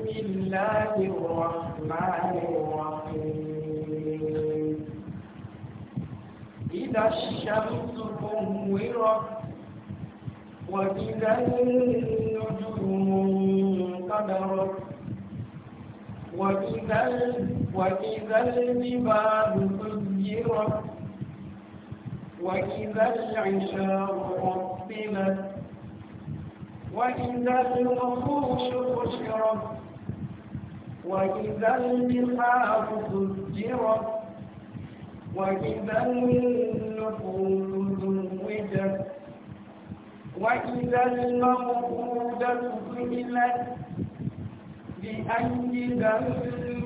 بسم الله الرحمن الرحيم إذا الشمس كورت وإذا النجوم انقدرت وإذا وإذا الجبال سيرت وإذا العشار عطلت وإذا الوحوش حشرت وإذا البحار سجرت وإذا النفوس زوجت وإذا الموءودة سئلت بأي ذنب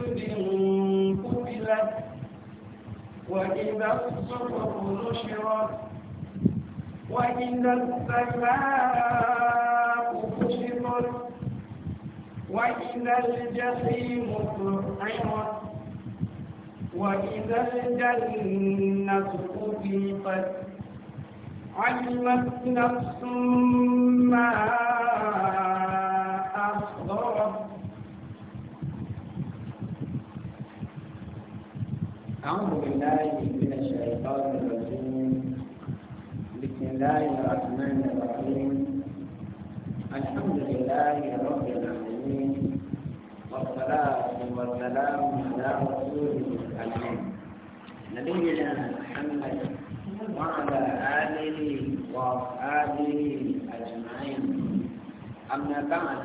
قتلت وإذا الصحف نشرت وإذا السماء وإذا الجحيم سحرت وإذا الجنة أضيقت علمت نفس ما أحضرت أعوذ بالله من الشيطان الرجيم بسم الله الرحمن الرحيم الحمد لله رب العالمين العالمين والصلاة والسلام على رسول الكريم نبينا محمد وعلى آله وأصحابه أجمعين أما بعد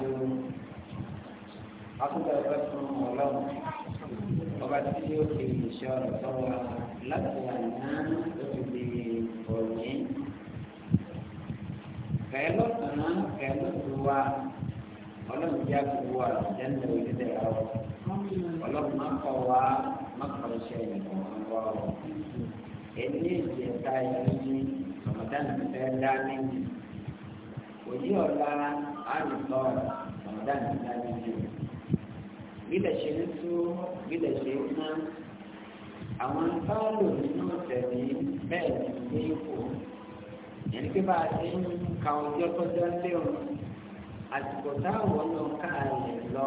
أفضل رسول الله ọba tí yóò fi ìṣọ́ ọ̀tọ́ wa láti àná lórí òní ọlọ́run yá kó wà lẹ́nu onílẹ̀ ọ̀ ọlọ́run máa kọ̀ wá mọ́kàn iṣẹ́ ìgbọ̀n wá ọ̀ ẹni ìjẹta ìlú ọ̀mọ̀dán fẹ́ dání òyì ọ̀la àlùkò ọ̀mọ̀dán dání jù bílẹ̀ ṣe ń tú bílẹ̀ ṣe ń mọ́ àwọn báàlù nínú tẹ̀lé bẹ́ẹ̀ ní ilé ẹni pé bá a ti ń ka ọjọ́ kọjá léwu àsìkò táwọn lọ káàlẹ̀ lọ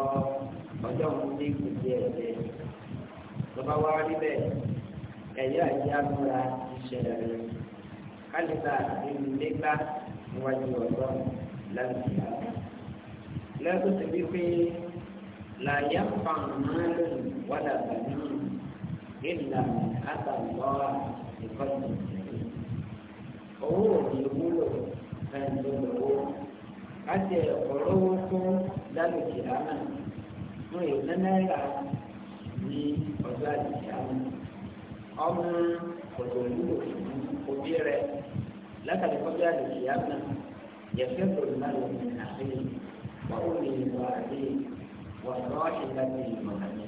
ọjọ́ òní kò di ẹ̀jẹ̀ lọ́ba wá rí bẹ́ẹ̀ ẹ̀yọ́ ẹ̀jẹ̀ amúra ìṣẹ̀lẹ̀ rẹ̀ kálíbà nínú nígbà níwájú ọ̀dọ́ lẹ́nu ìyá lẹ́nu ti bí pé làyà pàmòlù wàdà bàmí ìlà àtàlọ́ ìkọ́jú owó òní wúlò fẹ́ẹ́ lọ́wọ́ àti ọ̀rọ̀wó fún lálùkì àmà fún ìlú náírà ní ọjọ́ àdìsí àmà ọmọ òtòlúwò òbí rẹ látàrí kọjá àdìsí àmà yẹfẹ́ pòlùmọ́lù ní àfẹ́ wà ó lè wà àdé wà lọ́wọ́ ṣe láti ìmọ̀ àmì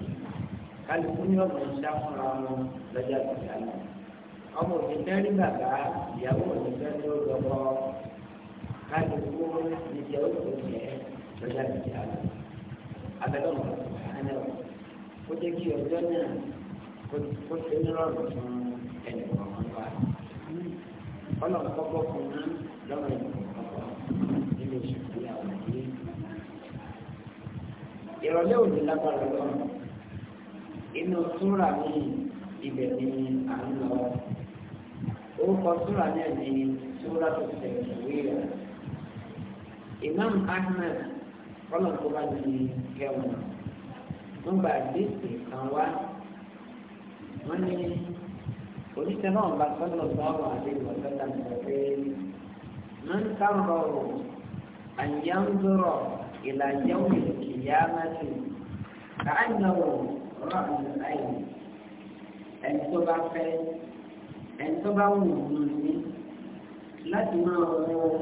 kálukú ní ọmọ ìṣá fúnra wọn lọ́jọ́ àdìsí àmà ọmọ òbí fẹ́ bàbá ìyàwó òbí fẹ́ ó lọ́wọ́. هذه الأمور التي يوجد فيها فلا تعالى أبدا سبحانه وتكي يوجدنا قلت نرى رسول Ọlọ́run kọ́kọ́ fún un lọ́rọ̀ ìgbọ̀nkọ́kọ́ nínú ìṣòro àwọn ìdílé. Ìrọ̀lẹ́ òní lágbára lọ́rùn. Inú súrà ní ibẹ̀ ni à ń lọ. Orúkọ súrà náà ní súrà tó tẹ̀lé ìwé rẹ̀. Imam Ahmad ọlọ́run tó bá di kẹwọn wọ́n gba àdéhùn kan wá wọ́n ní oníṣẹ́ náà bá sọ́dọ̀ báwọn àdéhùn ọ̀sọ́dà nìkan pé máa ń sábà rò àyànzọ́rọ̀ ìlànà ìkìyàmẹ́sì káàyàwó rọ̀rùn láyé ẹni tó bá fẹ́ ẹni tó bá wù ú ní láti máa wọ́n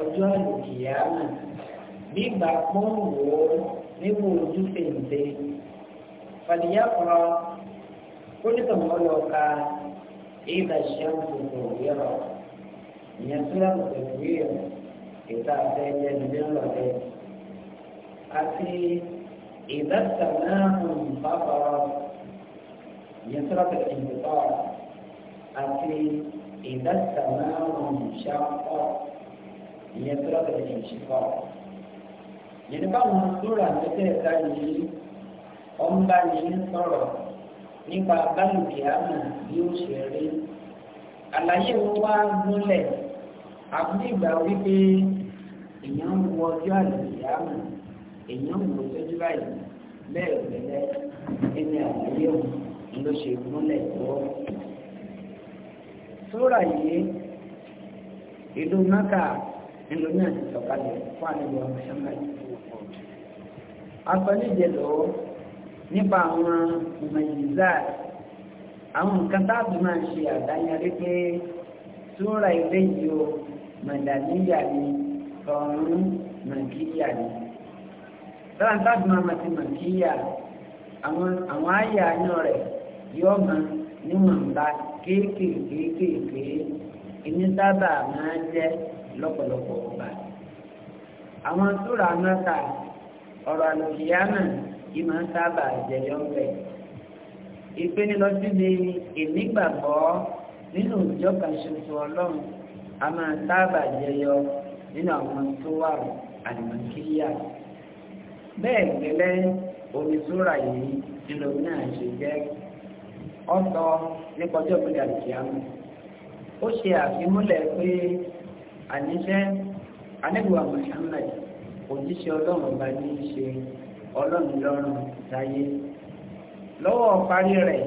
ọjọ́ àlùkìyà náà bí ìgbà pọ́n wò ó níbo ojú fèǹde fàdíyà kọ́ kólítọ̀mọ́ lọ ka ìdá ṣẹ́ǹtì kò yẹrọ ìyẹn túra lọ́sẹ̀kùrì ẹ̀ ìta àfẹ́ ẹ̀jẹ̀ ńlọ́dẹ àti ìdá sàmáhùn bàbọ̀rọ̀ ìyẹn túra lọ́sẹ̀kùrì ẹ̀ àti ìdá sàmáhùn ṣàkọ́ ìyẹn tó lọ́kọ̀ lè ṣe fà ọ́. yìí báwọn sóra mẹ́tẹ̀ẹ̀ta yìí ọ̀nba yìí ń sọ̀rọ̀ nípa báyìí àmì bí ó ṣe rí. àlàyé wọn wá múlẹ̀ àbúrò ìgbà wípé èèyàn ń wọ ọjọ́ àlùyá àmì èèyàn ń wọ sójú báyìí bẹ́ẹ̀ bẹ́ẹ̀ ẹni àlàyé wọn ló ṣe múlẹ̀ tó. sóra yìí ìlú mẹ́ta nílò náà ti sọ̀kalẹ̀ fún àlejò Muhammad agbọ́nìjẹ lọ́wọ́ nípa àwọn ìmọ̀yìnzá àwọn nǹkan táàbù máa ṣe àdáyẹrí pé súra ilé yìí o màdàníyà ni ọ̀run màkíyà ni táwọn táàbù máa ti màkíyà àwọn àyà àánú rẹ̀ yóò máa níwọ̀nba kéékèèkéékèèké ìní sábà máa jẹ́ lọ́pọ̀lọpọ̀ ọba. àwọn sóra mẹ́ta ọ̀rọ̀ àlọ́yíyámà yìí máa ń sábà jẹyọ ńbẹ. ìpinnu lọ sí ni èmi gbàgbọ́ nínú ìjọ kan ṣoṣo ọlọ́run a máa sábà jẹyọ nínú àwọn tó wà àlùmọ́kíyà. bẹ́ẹ̀ gẹ́lẹ́ omi sóra yìí nílò náà ṣe jẹ́ ọ̀tọ̀ nípa ọjọ́ ìpínlẹ̀ àlùkìyámà. ó ṣe àfimúlẹ̀ pé àníṣẹ́ anẹ́gbẹ̀wà Muhammad òjíṣẹ́ ọlọ́run bá ní í ṣe ọlọ́run lọ́rùn láyé lọ́wọ́ parí rẹ̀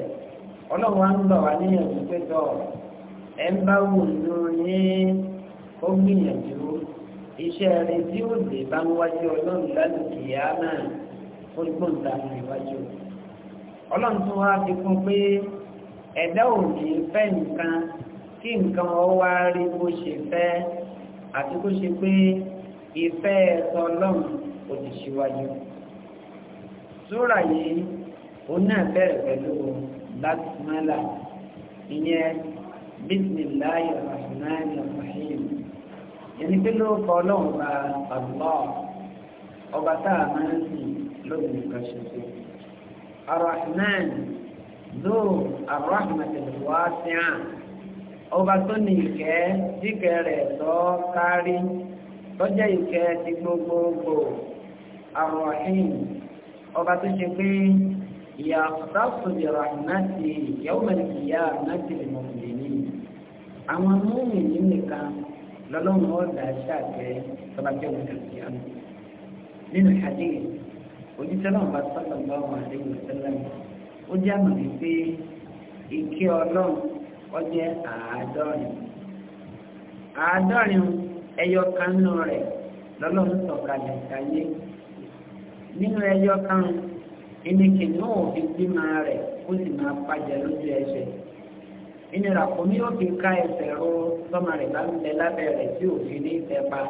ọlọ́run wa ń gbà wá níyànjú pé tọ́ ẹ ń bá wù ló ní ó gbìyànjú iṣẹ́ rẹ̀ tí ó lè bá ń wájú ọlọ́run lálùkì yá náà ó gbọ́n ta ní ìwájú ọlọ́run tún wá fi kún pé ẹ̀dá ò fẹ́ nǹkan kí nǹkan ọ wá rí bó ṣe fẹ́ àti kó ṣe pé ìfẹ́ ẹ̀tọ́ ọlọ́run kò ti ṣíwájú. Súrà yìí, òun náà bẹ̀rẹ̀ pẹ̀lú Bàtímálà, ìyẹn Bísmìláì Ràhìmáàlì Ràhìm. Ẹni pé ló kọ ọlọ́run bá àgbọ̀ ọba tá a máa ń sìn lónìí nìkan ṣoṣo. Àràhìmáàlì, lóò àràhìmáàlì wá sí àná ọba tó ní ìkẹ́ jíkẹ́ rẹ̀ lọ kárí tó jẹ́ ìkẹ́ ti gbogbogbò àròhìn ọba tó ṣe pé ìyá sáfùdìrà náti yàwó mẹ́rin ìyá náti lè mọ̀ nìyí àwọn múmi yìí nìkan lọ́lọ́run ọ̀dà ṣàgbẹ́ tọ́ba jẹ́ òun kàkí àmì nínú ìhàdí òjíṣẹ́ náà bá sọ́kàn lọ́wọ́ àdéhùn sẹ́lẹ̀ ó jẹ́ àmì pé ìkẹ́ ọlọ́run ó jẹ́ àádọ́rin àádọ́rin ẹyọ kan nù rẹ̀ lọ́lọ́run sọ̀kalẹ̀ sáyé nínú ẹyọ kan ìníkì náà òfin bímọ rẹ̀ ó sì máa pàjẹ́ lójú ẹsẹ̀ ìnira kò ní òfin ká ẹsẹ̀ ró sọ́mọ rẹ̀ bá ń bẹ lábẹ́ rẹ̀ tí òfin ní ìfẹ́ pa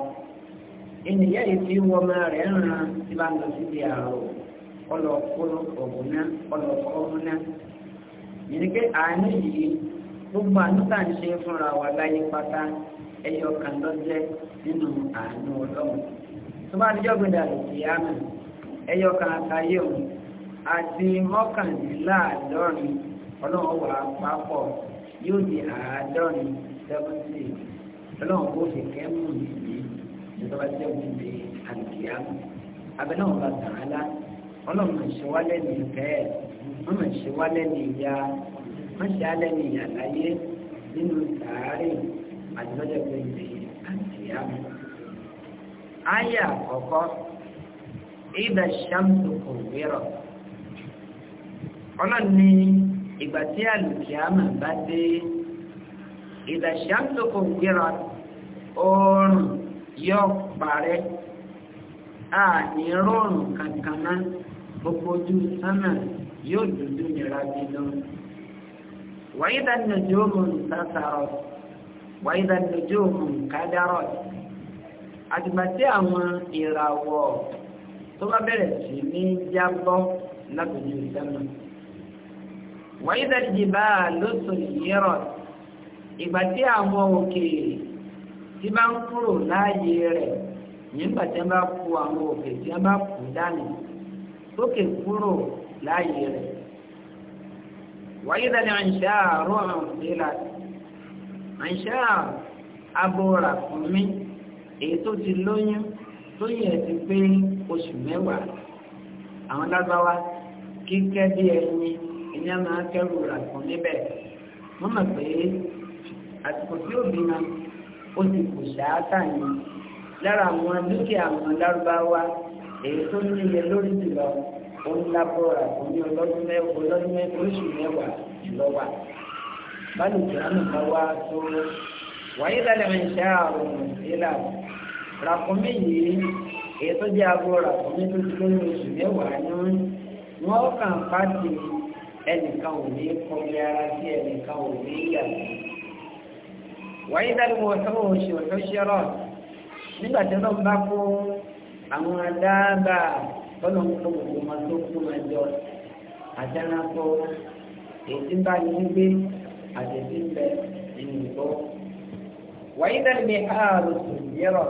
ènìyàn yìí fi wọ́n máa rẹ̀ ń tí bá ń lọ síbi àrò ọlọ́kọ́ ọ̀gbọ́n náà ọlọ́kọ́ ọ̀gbọ́n náà àánú yìí gbogbo àdúrà ń ṣe fúnra wa láyé pátá ẹyọ kan ló nínú àánú ọlọ́run tó bá dijọ́ gbẹdà lòdì àmì ẹyọ kan àtàyè òun àti ọlọ́run wà pápọ̀ yóò di àádọ́rin ọlọ́run kò kẹ́mù nìyí ti di àlùkìyàmù abẹ náà bá tàn án lá ọlọ́run ṣe wálẹ̀ ní ìfẹ́ ẹ̀ ṣe ní ìyá mọ̀ṣẹ́ alẹ́ ní àlàyé nínú sàárè àjọyọ̀ gbèsè àti àmì. Àyà àkọ́kọ́ ìdá ṣàmùtò kò gbérọ̀. Ọlọ́run ní ìgbà tí àlùkìámà bá dé ìdá ṣàmùtò kò gbérọ̀ oòrùn yóò parẹ́ àní rọrùn kankan náà gbogbo ojú sánà yóò dúdú nira bí lọ́rùn. وإذا النجوم انتصرت وإذا النجوم انكدرت àtìgbà tí àwọn ìràwọ̀ tó bá bẹ̀rẹ̀ sí ní jábọ́ lábẹ́jú sẹ́nu wa idha al-jibalu suyyirat ìgbà tí àwọn òkè tí bá ń nígbà tí wọ́n bá kú àwọn òkè tí wọ́n bá kú dání tókè kúrò láàyè rẹ̀ وإذا العنشار عطلت àìṣáà abọ́ra fún mi èyí tó ti lóyún tó yẹ ti pé oṣù mẹ́wàá àwọn lágbáwá kíkẹ́ bí ẹni iná máa kẹ́rù rà fún níbẹ̀ wọ́n mọ̀ pé àsìkò tí ó bímọ ó ti kù ṣáátà ni lára àwọn dúkìá àwọn lárúbáwá èyí tó níye lórí jùlọ ó ń lábọ́ra kò ní ọlọ́dún mẹ́wàá ọlọ́dún mẹ́wàá oṣù mẹ́wàá lọ́wọ́ báyìí ìjọba kan wá tó wáyé lálẹ́ mi ṣe àrùn ìlà ràkúnmí yìí èyí tó jẹ́ aago ràkúnmí tó ti lóyún oṣù mẹ́wàá ni wọ́n kàn pàdé ẹnìkan ò ní kọ́lé ara sí ẹnìkan ò ní yàtọ̀ wáyé lálẹ́ wọn sọ́wọ́ oṣù ọ̀tọ́ nígbà tí wọ́n bá kó àwọn adáàbà kọ́nà ń kó gbogbo wọn tó kú máa jọ àjánakọ èyí bá ní gbé àtẹ̀sí ń bẹ nínú ìgbọ́. wàyí dàbí mi ààrùn sùn yẹrọ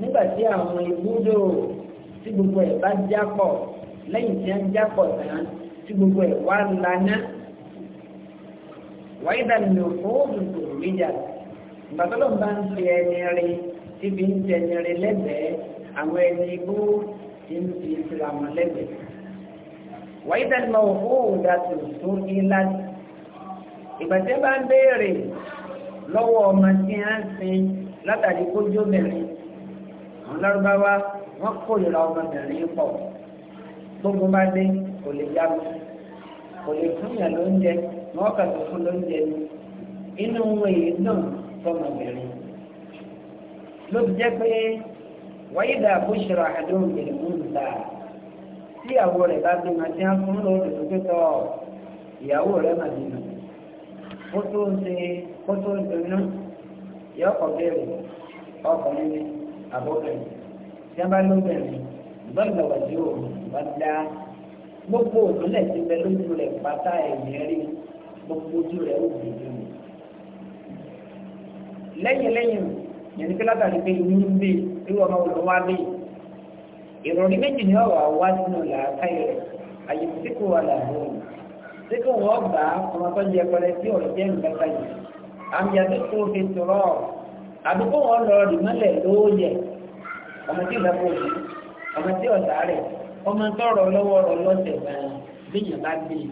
nígbà tí àwọn ibùdó tí gbogbo ẹ̀ bá jápọ̀ lẹ́yìn tí wọ́n jápọ̀ tán tí gbogbo ẹ̀ wá lana wàyí dàbí mi òfòófù sùn níjà ìgbàgbọ́dọ̀ bá ń fi ẹni rí tí fi ń jẹ ẹni rí lẹ́bẹ̀ẹ́ àwọn ẹni ibùdó tí ń fi ìsìlá mọ́ lẹ́gbẹ̀ẹ́. wàyí tẹ̀lé owó òdà tó tó ní láti. ìgbàjẹ́ bá ń béèrè lọ́wọ́ ọmọ tí a ń sin látàrí kójú obìnrin àwọn lárúbáwá wọ́n kórìíra ọmọbìnrin pọ̀ gbogbo bá dé kò lè yá mi kò lè fún wáyé dà bó ṣèrò àdéhùn ìbẹ̀rẹ̀ fún ìta tí ìyàwó rẹ̀ bá bí màá ti hàn fún lóòrè tó pé tọ́ ìyàwó rẹ̀ màá bí nà ó tó ń ṣe ó tó ń dunú yọ ọkọ̀ bẹ̀rẹ̀ ọkùnrin ni àbọ̀bẹ̀rẹ̀ tí wọ́n bá lóbẹ̀rẹ̀ ìbọ̀lùbọ̀ wà sí òun bá dá gbogbo òtúnlẹ̀ ti bẹ lójú rẹ̀ pátá ẹ̀mí rí gbogbo ojú rẹ̀ ó bì í lẹ́yìn lẹ́yìn yẹn ní pé látàrí pé inú ń irú ọmọ wọn wá bí ìròyìn méjì ni ọwọ́ wá sínú làákàyè rẹ̀ àyè tí kò wà láàbò tí kò wọ́n gbà ọmọ tó jẹ pẹrẹ tí ọ̀rọ̀ jẹ́ nǹkan kàyè àmì àti tó fi sọ̀rọ̀ àdúgbò wọn lọ rì mọ́lẹ̀ lóòyẹ̀ ọmọ tí ìlàpọ̀ òbí ọmọ tí ọ̀dà rẹ̀ ọmọ tọrọ lọ́wọ́ rọ lọ́sẹ̀ gan bíyàn bá gbé e,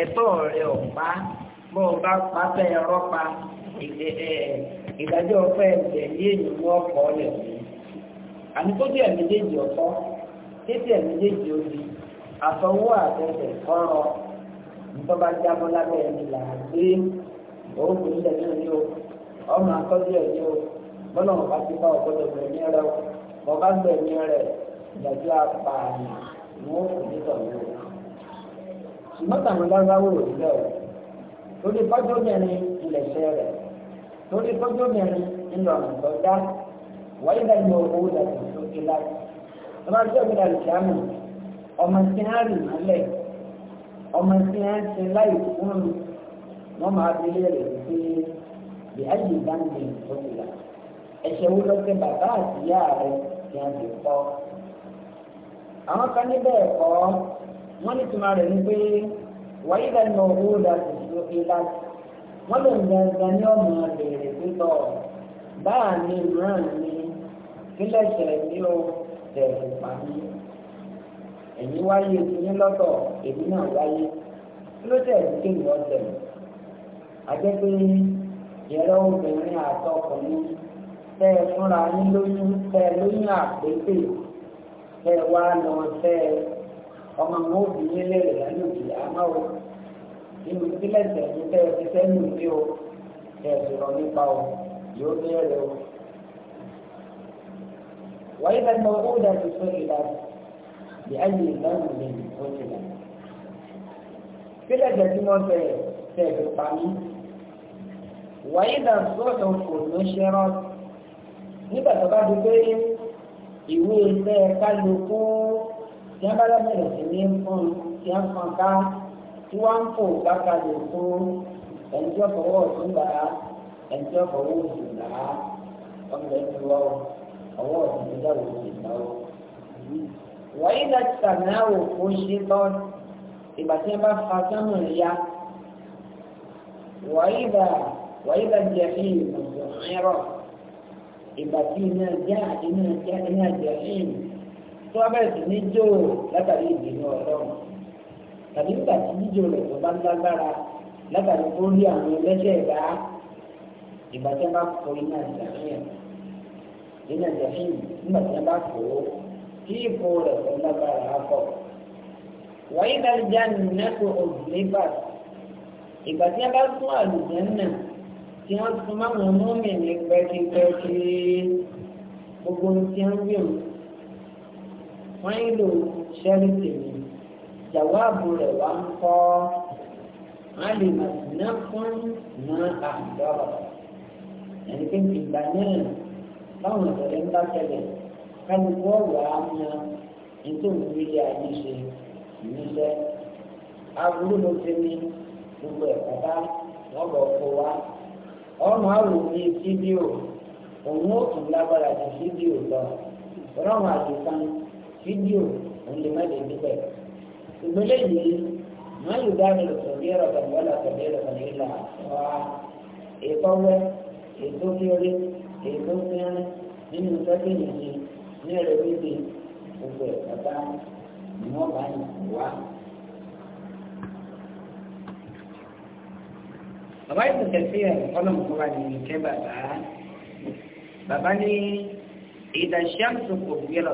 ẹ̀tọ́ rẹ̀ ọ̀pá bọ́ ọ bá pàtẹ ẹ̀rọ pa ìdájọ́ ọ̀fẹ́ ẹ̀jẹ̀ àní tó díẹ̀ méjèèjì ọ̀tọ́ títí ẹ̀ méjèèjì òbí àtọwọ́ àtẹsẹ̀ kọ́rọ̀ nítorí bá jábọ́ lábẹ́ ẹni là á gbé òògùn ilẹ̀ náà ní o ọmọ akọ́jú ẹ̀ ní o bọ́lá wọn bá ti bá ọ̀gbọ́dọ̀ gbẹ̀mí rẹ o wọn bá gbẹ̀mí rẹ ìdájọ́ apààyàn ni wọ́n kò ní tọ̀lé o. ṣùgbọ́n tàwọn lárúbáwò rò sílẹ̀ o lórí fọ́jọ́ mẹ́rin ilẹ̀ ṣẹ́ rẹ̀ lórí fọ́jọ́ mẹ́rin ńlọrọ̀ wáyé bá yọ owó láti sókè láti. ọmọ tí ó gbọdọ̀ lùkì àmì ọmọ tí á rì mọ́lẹ̀ ọmọ tí á ṣe láì fún mi wọ́n máa fi léèrè pé bí a yìí bá ń gbé ìtọ́jú la ẹ̀ṣẹ̀ wo lọ sí bàbá àti ìyá rẹ̀ kí a lè kọ́. àwọn kan níbẹ̀ ẹ̀kọ́ wọ́n ní tuma rẹ̀ ní pé wáyé bá yọ owó láti sókè láti wọ́n lè gbẹ̀ngàn ní ọmọ rẹ̀ rẹ̀ báà ní ìmọ̀ràn ní kílẹ̀ ṣẹlẹ̀ ní o tẹ̀sí pàmí ẹ̀yin wáyé ẹ̀yin lọ́tọ̀ èmi náà wáyé kí ló tẹ̀ sí kéwì ọ̀tẹ̀ àjẹpẹ́ yẹrẹ obìnrin àtọkùnrin tẹ́ ẹ fúnra yín lóyún tẹ́ ẹ lóyún àpépè tẹ́ ẹ wá lọ tẹ́ ẹ ọmọ àwọn obìnrin lẹ́rẹ̀ lánàá kì á má o nínú kílẹ̀ ṣẹlẹ̀ tẹ́ ẹ ti fẹ́ nù o tẹ̀ ẹ sọ̀rọ̀ nípa o yóò bẹ̀rẹ̀ o. وإذا الموءودة سئلت بأي ذنب قتلت sílẹ̀ jẹ́ tí wọ́n bẹ̀rẹ̀ tẹ̀lé pamí. wàyí náà sọ́dọ̀ kò ló ṣe rán nígbà tó bá di pé ìwé tí wọ́n bá lọ́bẹ̀rẹ̀ sí ní fún tí wọ́n fọn ká tí wọ́n ń fò bá kálukú ẹni tí ọkọ̀ wọ́ọ̀ tún gbà á ẹni tí ọkọ̀ wọ́ọ̀ tún gbà á ọmọ ẹ̀ àwọn ọ̀sìn ìdáwó ti náwó. wọ́n yí láti sàmìnáwó ó ṣe tọ́ ìgbà tí wọ́n bá fa sánmù ya wọ́n yí bá wọ́n yí bá jẹ́ fún ìmọ̀tò ẹ̀rọ ìgbà tí iná já iná já iná jẹ́ fún ìmọ̀ tó wá bẹ̀rẹ̀ sí ní jó látàrí ìdènà ọlọ́run tàbí nígbà tí jíjó rẹ̀ tó bá ń lágbára látàrí tó rí àwọn ẹlẹ́ṣẹ̀ ìgbà ìgbà tí wọ́n bá kọ iná ìgbà yẹn nínú ìjọsìn nígbà tí wọ́n bá kó o tí ipò rẹ̀ tó lágbára á pọ̀. wọ́n yí dálíjà nínú ògbìnlẹ́bà ìgbà tí wọ́n bá sún àlùjẹ́ náà tí wọ́n sún máwọn mọ́mì ní pẹ́kípẹ́kí gbogbo ohun tí wọ́n gbé báwọn ìṣẹ̀lẹ̀ ń bá tẹ̀lẹ̀ kálukú ọ̀rọ̀ á na ètò ìrírí ayé ṣe ìmúṣẹ. aburú ló ti ní gbogbo ẹ̀ka bá wọ́n bọ̀ kó wa. ọ̀run àwòrán fídíò òun ó tún lágbára ju fídíò lọ. ọlọ́run àdìkan fídíò òun lè má lè níbẹ̀. ìgbélé yìí má yóò dá mi lòtò bí ẹ̀rọ kan wọ́n lọ tẹ̀lé wá. èkó ètò kí orí èyí tó fi ń nínú sẹ́kìnì ṣe ní ẹ̀rọ wípé gbogbo ẹ̀ pátá ni wọ́n bá yìí wá. bàbá yìí tẹ̀sẹ̀ sí ẹ̀ ọlọ́mùkọ́ bá ní ìkẹ́ bàbá bàbá ní ìdàṣẹ́mùsùn kò gbé lọ.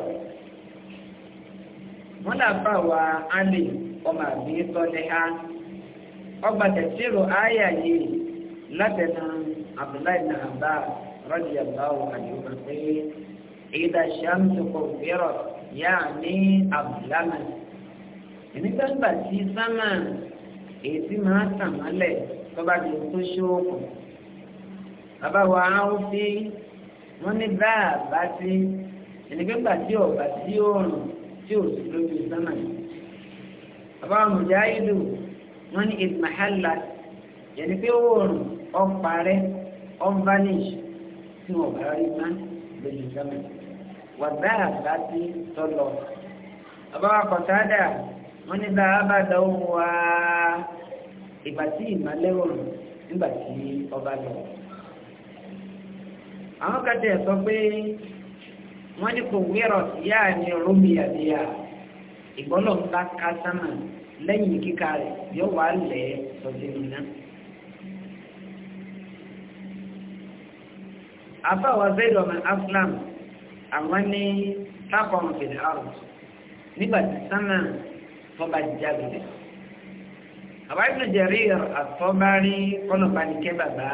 wọ́n là bá wa alẹ́ ọmọ àbí tọ́lẹ́ ha ọgbà tẹ̀síro ayà yìí látẹ̀nu Abdullahi nahaba. رضي الله عنهما قيل إذا الشمس كفرت يعني أظلمت nígbà gbà tí sámà èyí tí máa tàn mọ́lẹ̀ tó bá di tó ṣóòkù bàbá wa á ó sí wọ́n ní bá a bá sí ẹnìgbẹ́gbà tí ọ̀bà tí òòrùn tí ò sí lójú sámà bàbá wa mùjáìlú wọ́n ní ìdìmọ̀hálà yẹn ni pé òòrùn ọ̀parẹ́ ọ̀vanish tí wọn bá rí má lójú sọmọ wà dáa bá ti sọlọ ọbáwá kọtádà wọn ní bá a bá dánwó wá ìgbà tí ìmọ̀lẹ́ rọrùn nígbà tí ọba lọ. àwọn kàtẹ́ sọ pé wọ́n ní kò wérọ̀ síyá ni rómi àbíyá ìgbọ́lọ̀ ńlá kásámà lẹ́yìn kíkà rẹ̀ yóò wá lẹ̀ sọ́dẹ̀ afáwà zaidu ọmọ aslam àwọn ní takọ̀mù fìdí àrùn nígbà tí sánà fọba jáde àwọn ibùdó jẹrí àtọ́bárí kọ́nọ̀bá ní kẹ́ bàbá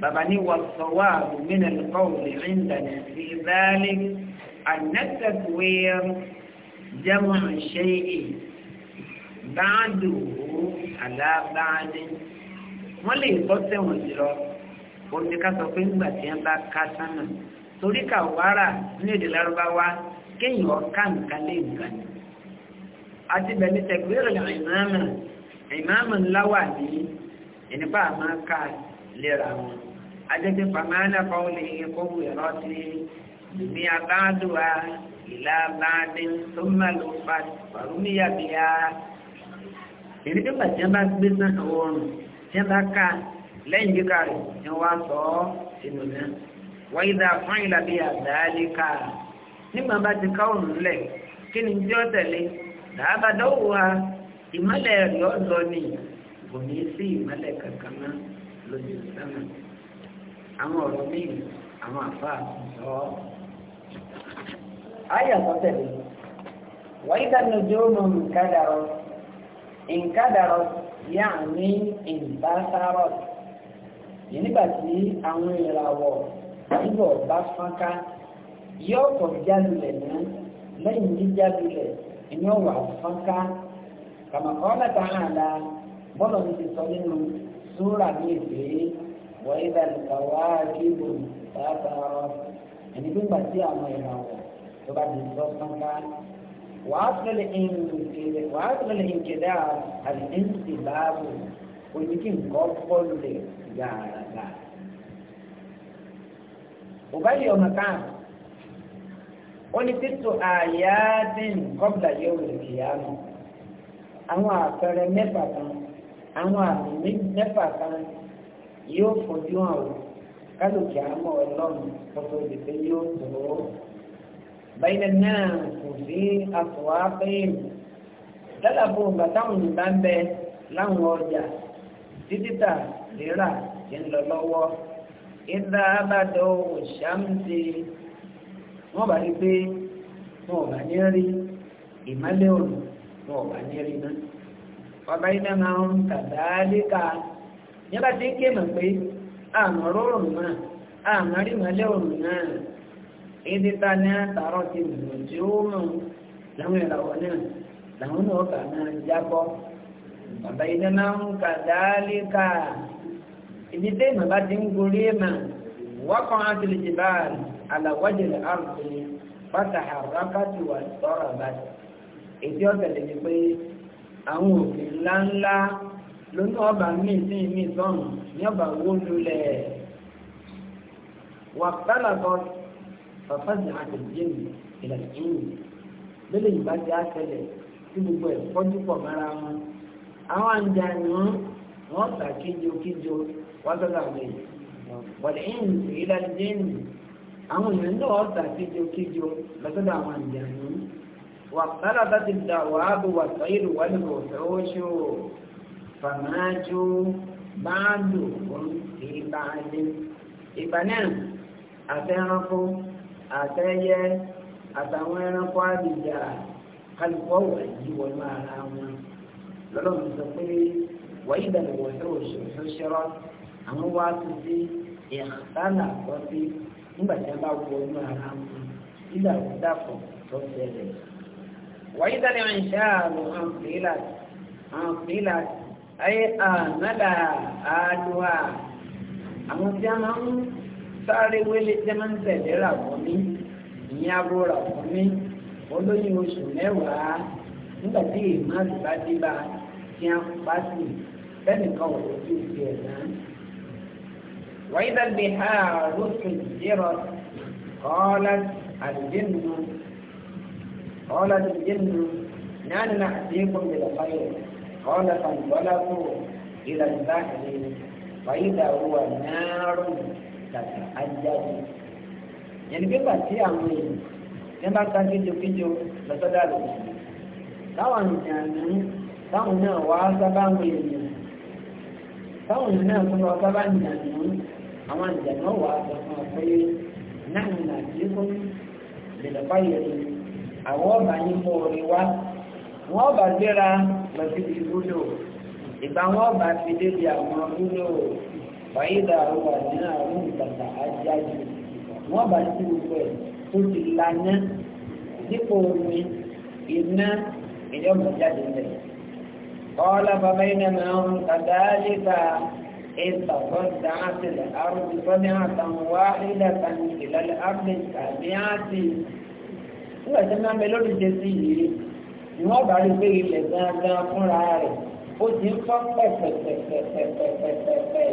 bàbá ní wàsọ̀wà àbùmínà lọ́wọ́ lè rìn dàní sí ìbáálé ànẹ́tẹ̀kùwéyàn jẹ́mọ̀ ṣe é báàdù àlá báàdì wọ́n ó ní ká sọ pé ńgbà tí wọ́n bá ká sánà torí kàwárà ní èdè lárúbáwá kéèyàn ọ̀ká nǹkan lé nǹkan àti bẹ̀ni tẹ̀gbẹ́rẹ̀ ìmáàmù ìmáàmù ńláwà ní ìnípa àmá ká lera wọn ajẹ́gbẹ́ pàmánà kọ́ọ̀lì ìkọ́wù ẹ̀rọ ti ní abáàdùá ìlà abáàdín tó má ló fa pàrúmíyàbíyá ìrídìbà tí wọ́n bá gbé náà wọ́n tí bá ká lẹ́yìn kíkà rẹ̀ ni wá sọ ọ́ sínú náà wọ́n yí dáa fún ìlàbí nígbà bá ti káwọn ńlẹ̀ kí ni tí ó tẹ̀lé wa ìmọ́lẹ̀ rẹ̀ ó lọ ní kò ní sí ìmọ́lẹ̀ kankan náà lójú sánà àwọn ọ̀rọ̀ míì àwọn àfa sọ ọ́. wọ́n yí dáa nojú ọmọ nǹkan nǹkan yá ní nígbà tí àwọn ìràwọ̀ níbọ̀ bá fọ́nká yóò kọ̀ jálulẹ̀ náà lẹ́yìn jíjálulẹ̀ ni ó wà fọ́nká kàmá kọ́lá ta'ala bọ́lọ̀ ní ti sọ nínú súrà ní èdè wọ́n bá nìkan wá kíbo tààtàrọ ẹni bí gbà tí àwọn ìràwọ̀ tó bá di sọ fọ́nká wàá tẹ̀lé ìǹkẹ̀dá àti ìǹkẹ̀dá òní kí nǹkan pọ̀ lulẹ̀ gàràgà. Ubayy ọmọ kan ó ní títù àyáàdín kọ́bùlà yóò lè kìyàmù. Àwọn àpẹẹrẹ mẹ́fà kan, àwọn àmì mẹ́fà kan yóò fojú hàn ó kálukì àmọ́ ọlọ́run kótó lè fẹ́ yóò tó o. Báyìí náà kò sí àtúwá fẹ́ẹ̀mù. Dọ́là bàtà òyìnbá ń bẹ láwọn ọjà títí tà rírà ti ń lọ lọ́wọ́ ìdá abádọ́ òṣàmùtì wọ́n bá rí pé wọn bá ní rí ìmọ́lẹ̀ òòrùn wọn bá ní rí náà wọ́n iná máa ń nígbà tí ké mọ̀ pé rọrùn náà rí náà ìdí ta ní àtàrọ̀ ti mọ̀ tí ó mọ̀ láwọn ìràwọ̀ náà làwọn náà kà jábọ́ iná máa ń ibi tẹ́ ìmọ̀ bá ti ń gorí èèmà wọ́kàn àti lè jìbá àlàwọ́jẹ̀ àrùn pátá àrákàtì wà sọ́rọ̀ bá èdè ọ̀tẹ̀lẹ̀ ni pé àwọn òkè ńláńlá lónà ọba míì sí ìmí sọ́nù ní ọba wó lulẹ̀ wà pẹ́lẹ́kọ́ fàfáàsì àti jẹ́mi ìlànà ìlú lórí ìbá ti á ṣẹlẹ̀ tí gbogbo ẹ̀ fọ́jú pọ̀ mọ́ra wọn àwọn àǹjànú wọn kà kíjo kíjo wọ́sọ̀lá mi wọ̀lẹ́yìn ìlà jẹ́nu àwọn èèyàn náà ọ̀sà kíjo kíjo lọ́sọ̀lá àwọn àjànú wà sára bá ti dà wà á bò wà sọ́yìnrì wà ní òṣè oṣù wọ́n tó àwọn wá tó sí ìhàtánà tó sí nígbà tí wọ́n bá wọnú ara wọn nígbà tó dàpọ̀ tó ṣẹlẹ̀. wáyé tani wọn ṣe àrùn àǹfìlà àǹfìlà ayé àmàlà àdùá àwọn tí a máa ń sáré wélé tí a máa ń tẹ̀lé rà wọ́n ní ìyẹn abúrò rà wọ́n ní olóyún oṣù mẹ́wàá nígbà tí èèmọ̀ dé bá tí a pa sí bẹ́ẹ̀ nìkan wọ̀ lójú ìgbẹ́ ẹ̀ وإذا البحار سجرت قالت الجن قالت الجن نحن نأتيكم بالخير قال فانطلقوا إلى البحر فإذا هو نار تتحجر yẹnni pípa tí àwọn èèyàn ní bá ta kíjokíjo lọ́sọ́dá lò táwọn ìjànà táwọn náà wá sábà ń wọ èèyàn táwọn náà tún lọ sábà ń jànà àwọn ìjànà wà lọ́sàn pé náà nà dínkùn lèlọ́pá yẹn àwọn ọba yín mú orin wá wọn ọba gbéra lọ síbi ìbúlò ìgbà wọn ọba fi débi àwọn ìbúlò wàyídà àwọn àdínà àwọn ìgbàgbà ajáde wọn ọba sí gbogbo ẹ tó ti lanà dípò omi iná ìjọba jáde lẹ. قال فبينما هم كذلك استفدعت الأرض صدعة واحدة إلى الأرض السابعة nígbà tí máa ń bẹ lórí ṣe sí yìí ni wọ́n bá rí pé ilẹ̀ gangan fúnra rẹ̀ ó ti ń fọ́ pẹ̀pẹ̀pẹ̀pẹ̀pẹ̀pẹ̀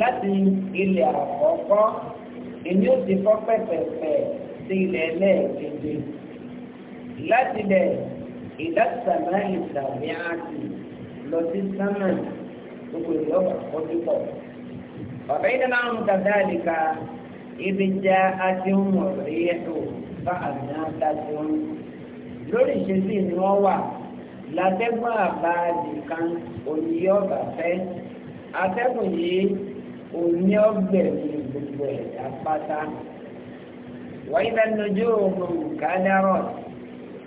láti ilẹ̀ àkọ́kọ́ èmi ó ti fọ́ pẹ̀pẹ̀pẹ̀ sí ilẹ̀ ẹlẹ́ẹ̀kejì láti ilẹ̀ ìdásàmá ìsàmì àti lọ sí sámà gbogbo ìlú ọ̀pọ̀ ojú pọ̀. bàbá yìí dáná ń kàdá àdìka ibi já àti ń mọ̀ rí ẹ̀tọ́ bá àmì àtàkì wọn. lórí ìṣesí ni wọ́n wà látẹ́gbọ́n àbá àdìkan òní ọ̀bà fẹ́. atẹ́gùn yìí òní ọ̀gbẹ̀ ní gbogbo ẹ̀dá pátá. wáyé dáná lójú òògùn kádàrọ̀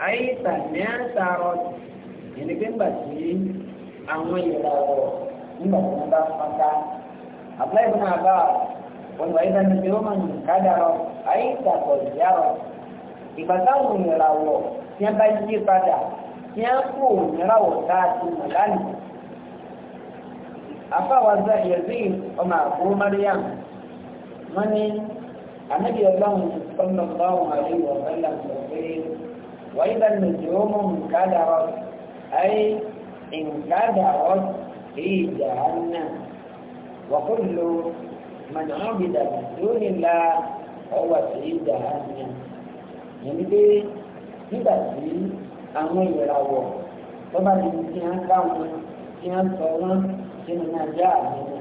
ayé tàmí àtàrọ̀ ìnigbẹ́gbà sí àwọn ìràwọ̀ nígbà tí wọ́n bá fọ́n ká àbúlá ìbùnà àbá wọn wà ìdáni pé ó máa ń kádàrọ ayé ìtàkọ̀ ìyárọ ìgbà táwọn ìràwọ̀ tí wọ́n bá yí padà tí wọ́n kó ìràwọ̀ káàkiri mọ̀lánì afáwàzà yẹ̀zín ọmọ àbúrò mariam wọ́n ní ànábì ọlọ́run sallallahu alaihi wa sallam sọ pé wà ìdáni pé ó máa ń kádàrọ ayé ìkádàrọ في جهنم وكل من عبد من دون الله هو في جهنم yẹni pé nígbà tí àwọn ìràwọ̀ tó bá ti ti hàn ká wọn tí hàn sọ wọn sínú náà já àwọn ọmọ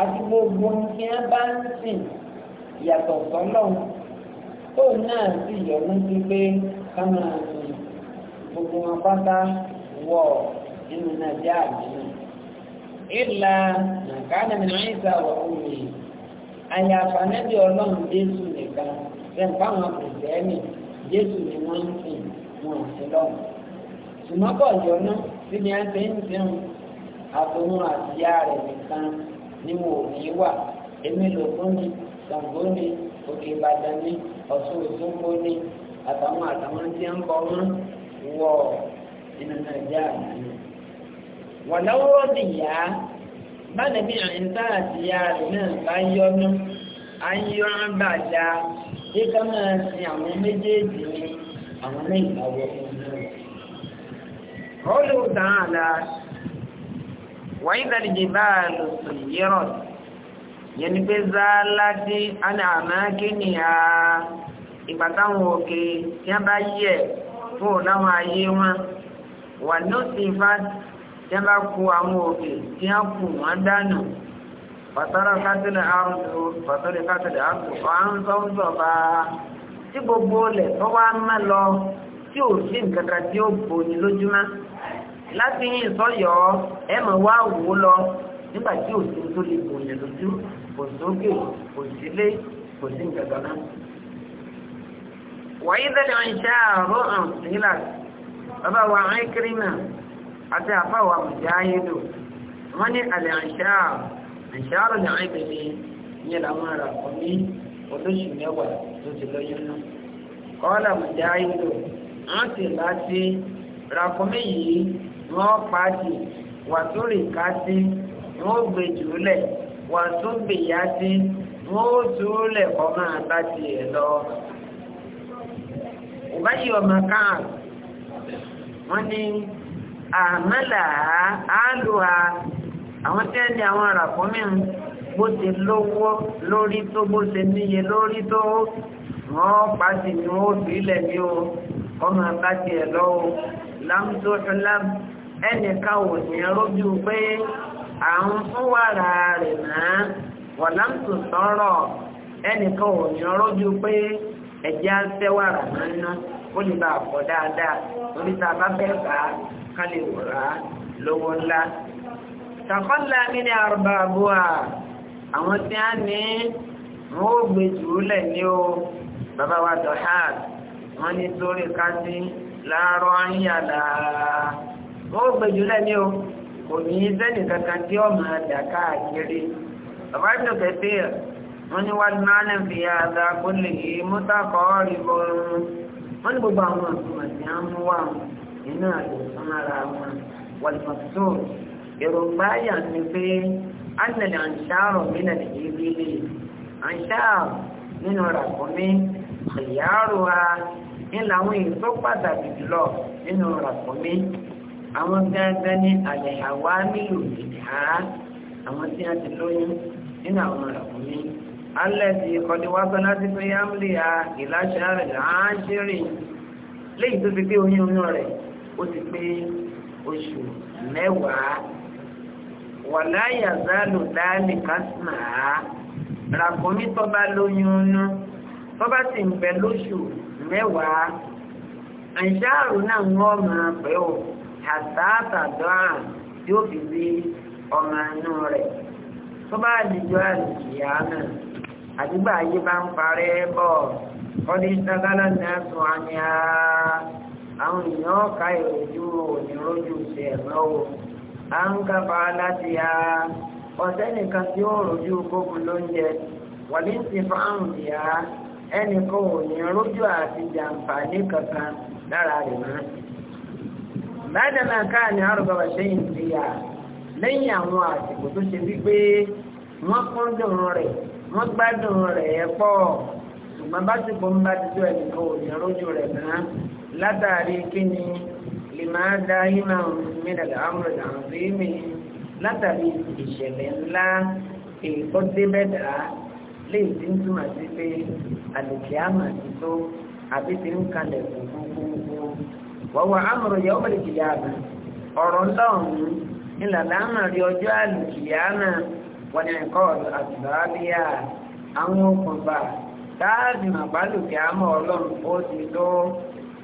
àti gbogbo tí hàn bá ń sìn yàtọ̀ sọ́lọ́hún tó náà sì yọ̀ wọ́n sí pé ká máa sìn gbogbo wọn pátá wọ̀ ọ́ nínú náà jẹ́ àmínú na nàkàdà mi náà ìta wà omi àyàfà nẹ́bí ọlọ́run jésù nìkan sẹ́ńpá àwọn kìrìsìtẹ́nì jésù ni wọ́n ń sìn wọn ò sí lọ́wọ́ ṣùgbọ́n bọ̀ yọ̀nà tí ni a ti ń sẹ́wọ̀n àtòun àtìyá rẹ̀ nìkan ni wọn ò ní wà èmi lògún ni ṣàǹgó ni òkè ìbàdàn ni ọ̀ṣun òṣogbo ni wọ̀lọ́wọ́ sì yá bá nàbí àìsá àti ya rẹ̀ náà bá yọ́nú ayọ́rán bà já bí ká máa sin àwọn méjèèjì ní àwọn náà ìgbàwọ̀ Qawlu ta'ala wa idha al-jibalu suyyirat yẹni pé záálá tí a àmá kí ni a ìgbà òkè tí bá yẹ̀ fún láwọn ayé wọn wà ní ó tí wọ́n bá kú àwọn òkè tí wọ́n kù wọ́n dánù pàtàrà kátìlẹ̀ àrùn pàtàrà kátìlẹ̀ àrùn ọ̀hán sọ́ńsọ̀ bá tí gbogbo olè tó wá mẹ́ lọ tí ò sí nǹkan kan tí ó bò ní lójúmọ́ láti yìn sọ́yọ́ ẹ mọ̀ wá wò ó lọ nígbà tí ò sí tó lè bò ní lójú kò sókè kò sílé kò sí nǹkan náà. wàyí tẹ̀lé ń ṣe àárọ̀ hàn bàbá wa ń kiri náà àti àfáwà mùjáyédò wọ́n ní alẹ́ àṣáà àṣáàrò ní àìbẹ̀lẹ̀ ní àwọn ará ọmí olóṣù mẹ́wàá tó ti lọ́yún náà kọ́lá mùjáyédò wọ́n ti láti ràkúnmí yìí àmàlà àálùwà àwọn tẹ́ ní àwọn àràkúnmí bó ti lówó lórí tó bó ti níye lórí tó wọ́n pàtí ni ó fi ilẹ̀ ní o ọmọ bá ti ẹ̀ lọ́wọ́ lámtóṣọ́lám ẹnìká ò ní rójú pé à fún wàrà rẹ̀ náà wà lámtò ẹnìká ò ní rójú pé ẹ̀já ń fẹ́ wàrà náà ó lè bá àpọ̀ dáadáa oríta bá fẹ́ bàá ká lè rà á lọ́wọ́ ńlá tàkọ́lá mi ní àrùbà àbúwà àwọn tí a ní wọ́n ó gbé jùúlẹ̀ ní o bàbá wa dọ̀hàd wọ́n ní torí ká sí láàárọ̀ àyàlá wọ́n ó gbé jùúlẹ̀ ní o kò ní sẹ́nì kankan tí ó máa dà káàkiri bàbá tó kẹsí wọ́n ní wàá máa ń fi àdá kó lè mú tàkọ́ ọ̀rìbọn wọ́n ní gbogbo àwọn ọ̀tún àti àwọn wọn iná àlùfáà ara wọn wàlùmọ̀tò èròǹgbà yà ni pé ánàlẹ̀ àǹṣàrò mílẹ̀ ìbílẹ̀ àǹṣàrò nínú ràkúnmí ìyáàrò wa ńlá àwọn èso pàtàkì jùlọ nínú ràkúnmí àwọn gángan ní àlẹ̀ àwa nílùú ìdá àwọn tí a ti lóyún nínú àwọn ràkúnmí alẹ́ ti kọjúwáṣọ láti pé yámlì à ìláṣà rẹ̀ láàáṣírì léyìí tó fi pé oyún oyún rẹ̀ ó ti pé oṣù mẹ́wàá wàlá yàzálù dáálì kásìmà á ràkúnmí tó bá lóyún inú tó bá sì ń bẹ lóṣù mẹ́wàá àṣàrù náà ń wọ́n máa pẹ́ ò àtàtàdọ́ àrùn tí ó fi rí ọmọ inú rẹ̀ tó bá dìjọ àlùkìyà náà àdúgbà ayé bá ń parẹ́ bọ̀ ọdún ìṣàgálà náà sùn àyà àwọn èèyàn ká ìrojú ònírojú ṣe ẹ̀mọ́ o à ń kápá láti ha ọ̀sẹ́ nìkan tí ó rojú gbógun lóúnjẹ wàlí ti fáwọn ìyá ẹnìkan ò ní rojú àti jàǹfààní kankan lára rẹ̀ mọ́. bàdànà káà ní àrùbọ̀bà sẹ́yìn ti yà lẹ́yìn àwọn àsìkò tó ṣe wípé wọ́n kúndùn rẹ̀ wọ́n gbádùn rẹ̀ pọ̀ ṣùgbọ́n básìkò ń bá ti tó ẹnìkan ò ní rẹ̀ látàrí kí ni lè máa dá iná mẹ́dàlẹ̀ amúrẹ̀dà àrími látàrí ìṣẹ̀lẹ̀ ńlá èkó débẹ̀dà lè ti ń túmọ̀ sí pé àlùkí àmà ti tó àbí ti ń kalẹ̀ fún gbogbo wọ́wọ́ amúrẹ̀ yọ ọmọdé kìlẹ̀ àmà ọ̀rọ̀ lọ́hùn ìlànà àmàrí ọjọ́ àlùkí àmà wọ́n ní ẹ̀kọ́ àtìbáríyà àwọn okùnfà táàdì màbálùkí àmà ọlọ́run ó ti tó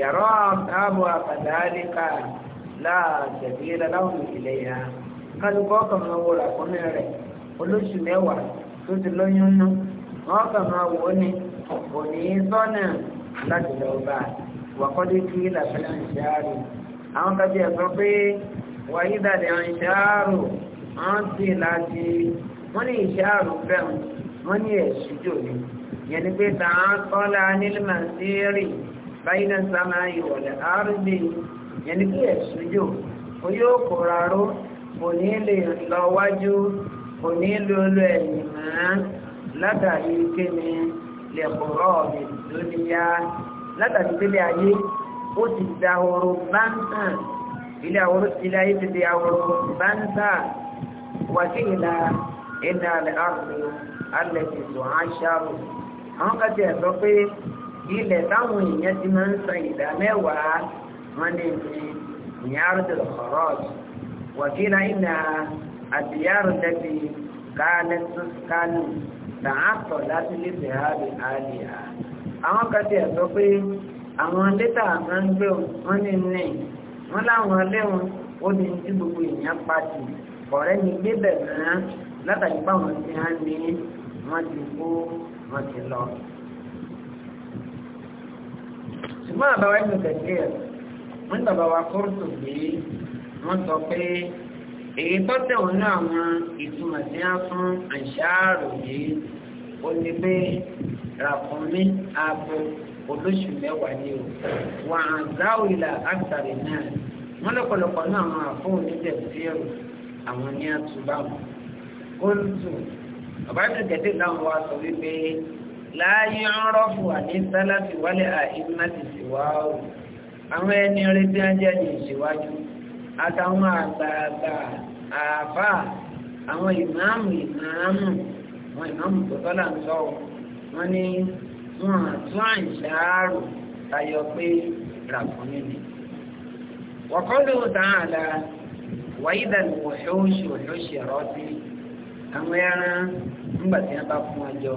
yàrá ààbò àbàdàlíkà láàjẹ̀bí láláwọ̀ ìpìlẹ̀ yá kálukọ́ kan máa wo ràkúnmí rẹ̀ olóṣù mẹ́wàá tó ti lóyún nú wọ́n kàn máa wò ó ní òní sọ́nà láti lọ bá wàkọ́dé kí làbẹ́lẹ̀ ń ṣáàrù àwọn kájí ẹ̀sọ́ pé wàyí dàdẹ̀ ń ṣáàrù wọ́n sì láti wọ́n ní ìṣáàrù bẹ́ẹ̀ wọ́n ní ẹ̀ṣújò ni yẹn ni pé tàn án kọ́lá nílùmọ̀ sí rìn báyìí sáma ìwọ̀lẹ̀ àárínlẹ̀ yẹn kí ẹ̀sùn jò ó yóò kóra ró kò ní lè lọ wájú kò ní lè lo ẹ̀yìn mọ́ ti da horo báńtà ilé àwòrán ilé di àwòrán báńtà wàkìlá ẹ̀dá àlẹ́ àrùn alẹ́ ti sùn áṣà rò àwọn pe ilẹ̀ táwọn èèyàn ti máa ń san ìdá mẹ́wàá wọ́n lè fi ìyárùdùl kharaj wàkílá ìnà àdìyárùdẹ́bì kánẹ́tùkánù tààtọ̀ láti lè bẹ̀rẹ̀ àlìyà àwọn kan ẹ̀sọ́ pé àwọn lẹ́tà máa ń gbé wọn ní ní wọn láwọn lẹ́wọ̀n ó ní tí gbogbo èèyàn pàtì ọ̀rẹ́ ni gbé bẹ̀rẹ̀ látàrí báwọn ti hàn ní wọ́n ti kó wọ́n ti lọ. ṣùgbọ́n àbáwá ìlú kẹ̀kẹ́ wọ́n tọ́ bá wa kóòtù pé wọ́n sọ pé èyí tó tẹ̀wọ̀n ní àwọn ìtumọ̀ tí wọ́n fún àṣàrò yìí ó ní pé ràkúnmí abo olóṣù mẹ́wàá ni o wà á záwìlà àtàrí náà wọ́n lọ́pọ̀lọpọ̀ náà àwọn àfọ́ onídẹ̀ẹ́fẹ́rù àwọn ní àtúbà wọn kóòtù ọ̀bá ìlú kẹ̀kẹ́ láwọn wa sọ wípé láàyè ọ̀rọ̀fù àní sálàfì wálé àìmáti síwáwò àwọn ẹni orí tí wọ́n jẹ́ ní ìṣíwájú àtàwọn àgbààgbà àfà àwọn ìmáàmù ìmáàmù wọn ìmáàmù tó tọ́lá ń sọ wọn ni wọn àtún àìṣàárò tayọ pé ràfúnni ni wọ́kọ́lù tààlà wàídàlù wọ̀ṣọ́ṣù wọ̀ṣọ́ṣù sí àwọn ẹran nígbà tí wọ́n bá fún ọjọ́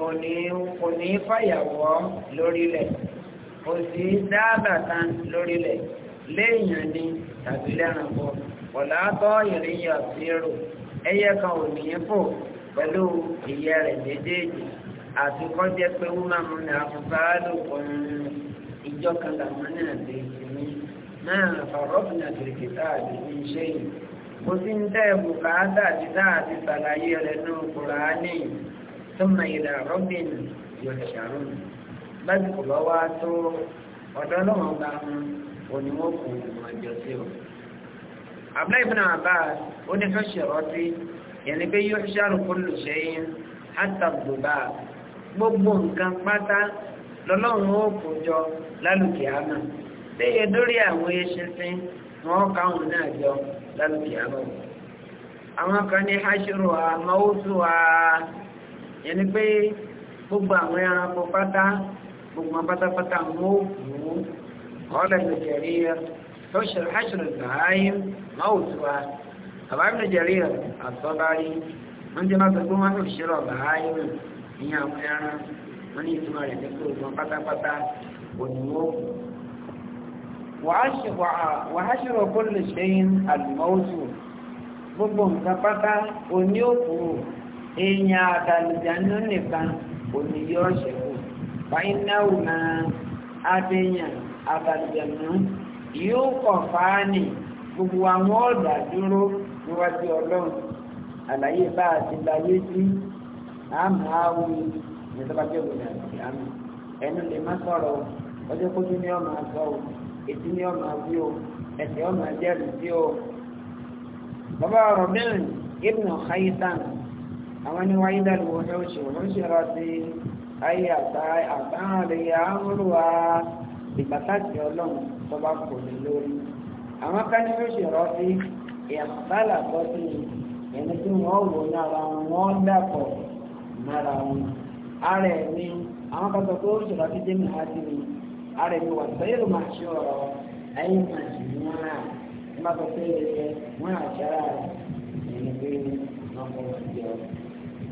kò ní kò ní fàyàwọ́ lórílẹ̀ kò sí dáàbà kan lórílẹ̀ léèyàn ni tàbí lẹ́ranko ọ̀làtọ̀ ìrìnyà zero ẹyẹ kan ò ní fò pẹ̀lú ìyẹ́ rẹ̀ méjèèjì àti kọ́jẹ́ pé woman ní àfúbáàlù ọ̀run ìjọ kan làwọn náà lè ti ní náà fàrọ́bìnà kìrìkì táàdì ní iṣẹ́ yìí kò sí ń tẹ́ bùkátà àti táàdì sàlàyé rẹ̀ náà Kùránì yìí ثم إلى رب يحشرون lásìkò bá wá tó ọ̀dọ́ ọlọ́run bá ń onímọ̀kùn ọjọ́ sí o. Abdullahi ibn Abbas onífẹ́ṣẹ̀ ọtí yẹni pé yóò ṣàrù kullu shay'in hatta dùbà gbogbo nǹkan pátá lọ́lọ́run ó kó jọ lálùkìyámà léyè dórí àwọn eṣinṣin wọn káwọn náà jọ lálùkìyámà. àwọn kan ní haṣúrò àmọ́ ó ẹni pé gbogbo àwọn ẹranko pátá gbogbo pátápátá mú mú ọ̀rẹ́ ìjẹ̀rí tó ṣe àṣìrò ìgbàáyé máwùtúwa àbáyé ìjẹ̀rí àtọ́bárí wọ́n jẹ́ máa gbogbo wọn fi ṣẹ́rọ̀ bàáyé ìyẹn àwọn ẹran wọ́n ní ìtumọ̀ rẹ̀ nípa gbogbo pátápátá òyìnbó wàhásìrò kó lè ṣe àlùmọ́wùtù gbogbo nǹkan pátá oní òkú Inya àtàlùjáná nìkan òní yóò ṣẹ̀kù fàínáwò máa àtẹ̀yàn àtàlùjáná yóò kọ̀ fáánì gbogbo àwọn ọ̀dà dúró níwájú ọlọ́run àlàyé bá a ti láyé sí àmọ́ àwọn ìjọbájọ́ òbí àti àmì ẹnu lè má sọ̀rọ̀ ọjọ́ kójú ni ọmọ àgbọ̀ o ètí ni ọmọ àbí o ẹ̀sẹ̀ ọmọ àjẹ́rìí sí o. bàbá ọ̀rọ̀ mẹ́rin àwọn ni wáyé dàlú wọ́ṣọ́ọ̀ṣì wọ́ṣọ́ọ̀ṣì rà sí ayé àtàrà lè yà á ń rò ìgbàtàkì ọlọ́run tó bá kò ní lórí àwọn kání yóò ṣe rọ sí ìyàtàlà tó sí ẹni tí wọ́n wò ní ara wọn dàpọ̀ nára wọn ara ẹ̀ àwọn kan sọ pé ó ṣe rọ sí jẹ́mi ara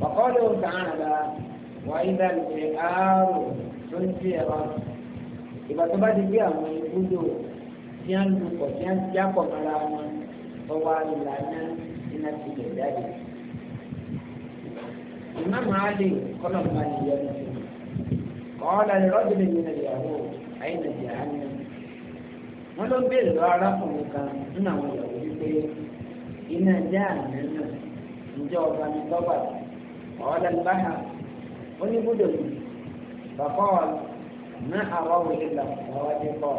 وقوله تعالى وإذا البئار سنفرت ìgbà tó bá ti gbé àwọn ibùdó tí a ń dupọ̀ tí a ń jápọ̀ mọ́ra wọn ọwọ́ ìlànà iná ti lè jáde. ìmáàmù alè kọ́nà máa lè yọ ní ìlú kọ́ọ́lá ni rọ́bìnrin mi nà ìyàwó àyìnà jàánù. wọ́n ló ń béèrè lọ arákùnrin kan nínú àwọn ìyàwó wípé iná jáàmù náà ń jẹ́ ọba ní lọ́wọ́ àti قال البحر قل بدر فقال ما أراه إلا غرائق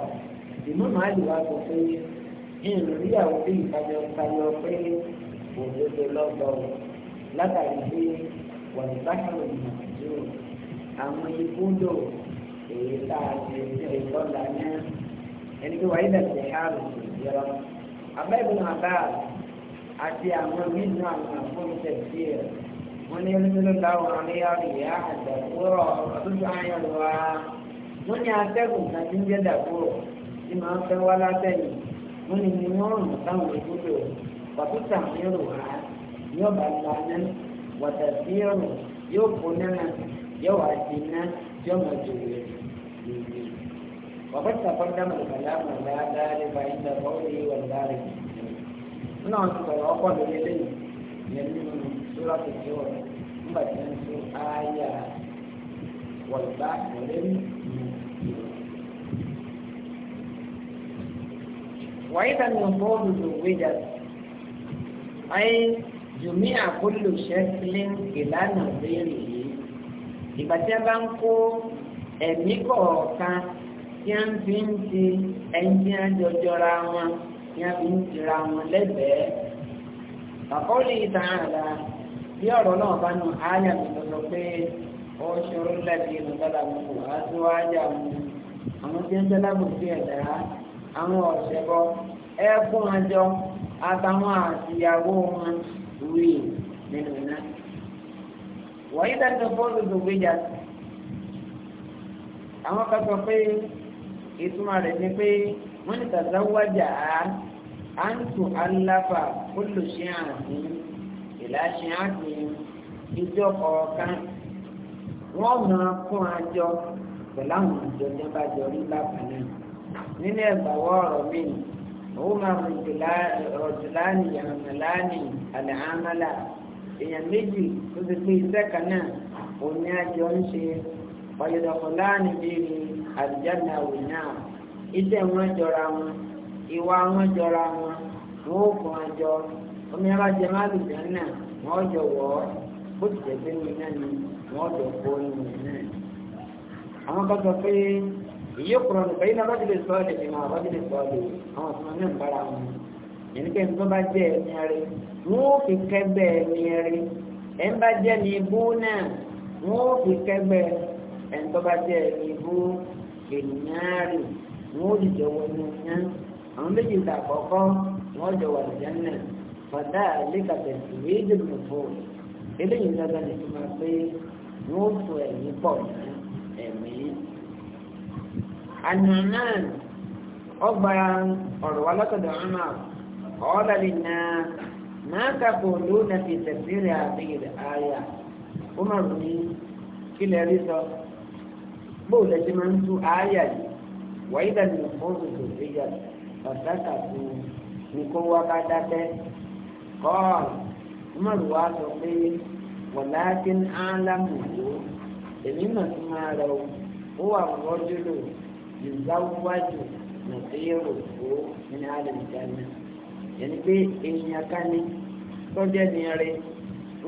Imam Ali wá sọ pé ìrìn àwọn bí ìtajọ tayọ pé òdodo lọ́dọ̀ látàrí pé wọ́n sákàlù nàìjíríà àwọn ibùdó èyí tá a ti ṣe ìtọ́lá ní ẹni tó wáyé dàgbé àrùn ìjọba abẹ́bùn àbá àti àwọn mìíràn wọ́n ní ẹlẹ́mẹ́lẹ́ láwọn aléyàwó ìyá àdàkúrọ̀ ọdún àyàn wa wọ́n ní atẹ́gùn kan tí ń jẹ́ dàkúrọ̀ tí máa ń fẹ́ wá látẹ̀yìn wọ́n ní ní wọ́n rùn táwọn ìbúdó wàtúntà mìíràn wá yóò bá lánà wàtàbíọ̀rù yóò kóná yóò wá dínà yóò mọ̀ jòwè lòdì. وقد تقدم الكلام على ذلك عند قوله والبارد. هنا أنت تقول أقوى بليلين sórí àtẹ̀jọ́ rẹ̀ nígbà tí wọ́n tún ááyà wọ̀lùbá ìrẹ́lú وإذا النفوذ زوجت أي جميع كل شكل إلى نظيره ìgbà tí a bá ń kó ẹ̀mí kọ̀ọ̀kan tí a ń fi ń ti ẹni tí a jọjọra wọn tí a fi ń tira wọn lẹ́gbẹ̀ẹ́. àkọ́lé ìtàn àlà bí ọ̀rọ̀ náà bá nù áyà mi lọ́sọ pé ó ṣòro lẹ́bi ìmọ̀tàlá mi kò wá sí wáyà mi àwọn tí ń tẹ́ lábùsí ẹ̀dá àwọn ọ̀ṣẹ́bọ ẹ fún wọn àtàwọn àtìyàwó wọn rí nínú iná. wọ́n tó gbéjà àwọn kan sọ pé ìlàṣẹ àti ìjọ kọ̀ọ̀kan wọ́n máa fún àjọ pẹ̀lú àwọn ìjọ tí wọ́n bá jọ rí bákan náà nínú ẹ̀gbàwọ́ ọ̀rọ̀ mi òun máa fi rọ̀jùláàní àmàláàní àlàámálà èèyàn méjì tó ti pé iṣẹ́ kan náà òun ni àjọ ń ṣe ọ̀yọ̀dọ̀kọ̀láàní bíi àdìjáde àwìn náà iṣẹ́ wọn jọra wọn ìwà wọn jọra wọn wọn ò fún àjọ omi ara jẹ máa lù jẹun náà wọ́n jọ wọ́ bó ti jẹ́ pé mi náà ni wọ́n kó nínú náà. àwọn kan sọ pé èyí kúrò nípa yìí náà bá dìde sọ ọ́lẹ̀ nínú àbá dìde sọ ọ́lẹ̀ àwọn ọ̀sán náà ń bára wọn. ẹni pé nígbà bá jẹ́ ẹni rẹ wọ́n fi kẹ́gbẹ́ ẹni rẹ ẹni bá jẹ́ ní ibú náà wọ́n fi kẹ́gbẹ́ ẹni tó bá jẹ́ ní ibú ènìyàn rẹ wọ́n jìjọ wọ inú náà àwọn méjì ìgbà àkọ́kọ́ wọ́n jọ wà lìjẹ́ náà fàdá àlékàtẹ̀ ìwé ìdìbò fún eléyìí gbàgbà lè fún wa pé wọ́n fún na pọ̀ ní ẹ̀mí. àná náà ọgbà ọ̀rọ̀ wa lọ́kọ̀dọ̀ ọ̀nà ọ̀ọ́dàlì náà máa kàkó lónà fi tẹ̀síìrì àbíyèrè àyà ó máa rò ní kílẹ̀ قال عمر واسقي ولكن أعلمه ما سمعه هو الرجل يزوج نصيره من أهل الجنة yẹn pé èèyàn kan ní tọ́jẹ́ ní rẹ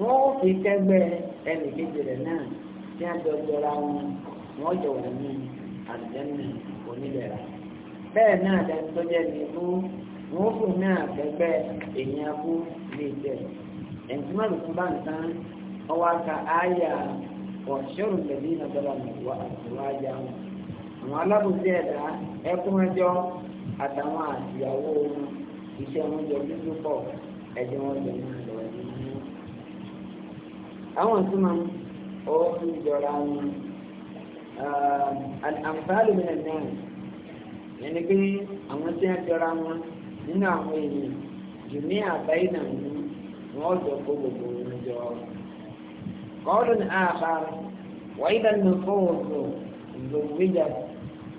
wọ́n ó fi kẹ́gbẹ́ ẹnì kejì rẹ̀ náà tí a jọ jọra wọn wọ́n jọ wà ní àlùjànnà onílẹ̀ rà bẹ́ẹ̀ náà dání tọ́jẹ́ ní fún wọ́n fún ní àgbẹ̀gbẹ́ èèyàn kú lè jẹ́ ẹ̀ǹtí má lùkún bá nǹkan ọwọ́ aka àyà ọ̀ṣọ́rù tẹ̀lé ìnàdọ́là wà àtìwájà wọn àwọn alábòsí ẹ̀dá ẹkúnrẹ́jọ́ àtàwọn àtìyàwó wọn iṣẹ́ wọn jọ dúdú pọ̀ wọn jọ ní àwọn ìtumọ̀ wọn àǹfààní mi nà pé àwọn tí jọra wọn. nínú àwọn èèyàn na àbáyé náà ni wọ́n ndị kó na wọn jọ. kọ́ọ̀lù ní àbá wáyé lẹ́nu fóònù zòwúwíjà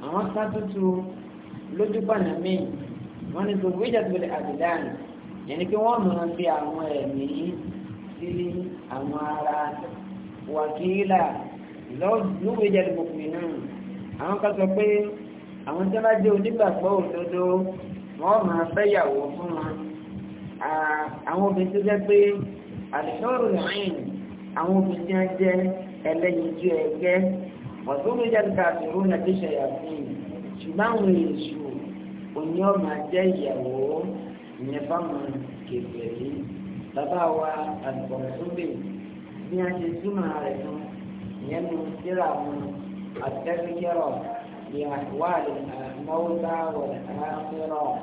àwọn sátútù lójúbànà míì wọ́n ní zòwúwíjà tó lè àdìdáàni na pé wọ́n máa fi a ẹ̀mí sí àwọn ara wàkílà sọ àwọn tí bá òdodo. wọ́n máa fẹ́yàwó fún wọn àwọn obìnrin tó jẹ́ pé àdìsọ́rò rìn àwọn obìnrin tí wọ́n jẹ́ ẹlẹ́yinjú ẹgbẹ́ ọ̀tọ́rọ̀ jáde àbúrò náà ti ṣẹ̀yàfín ṣùgbọ́n àwọn èṣù òní ọmọ jẹ́ ìyàwó ìyẹn fáwọn kèfèrí bàbá wa àdìbọ̀nsóbè bí wọ́n ṣe túmọ̀ rẹ̀ fún ìyẹn ní síra wọn àti tẹ́síkẹ́rọ̀ بأحوال الموتى والآخرة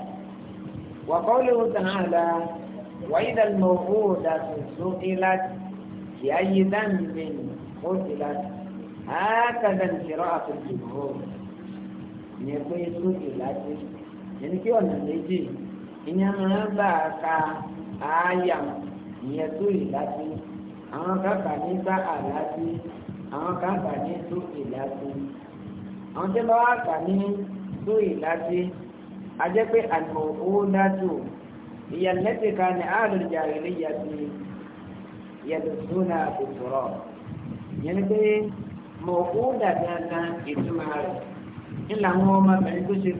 وقوله تعالى وإذا الموءودة سئلت بأي ذنب قتلت هكذا انقراءة الجمهور نقول سئلت ẹni kí ọ̀nà méjì ìyẹn máa ń bá a ka àáyà ìyẹn tó ìlàtí àwọn kan ní bá àlàtí àwọn kan ní tó ìlàtí àwọn tí wọ́n wá kà ní lóyè láti ajẹ́ pé àlùmọ̀ owó dájú ìyàlẹ́tì kan ní àlùjá ilé yàtì yàtọ̀túnà àtòtòrọ̀ yẹn ni pé mọ̀ owó dàgbàgbà ìtumọ̀ rẹ̀ ńlá àwọn ọmọbìnrin tó ṣe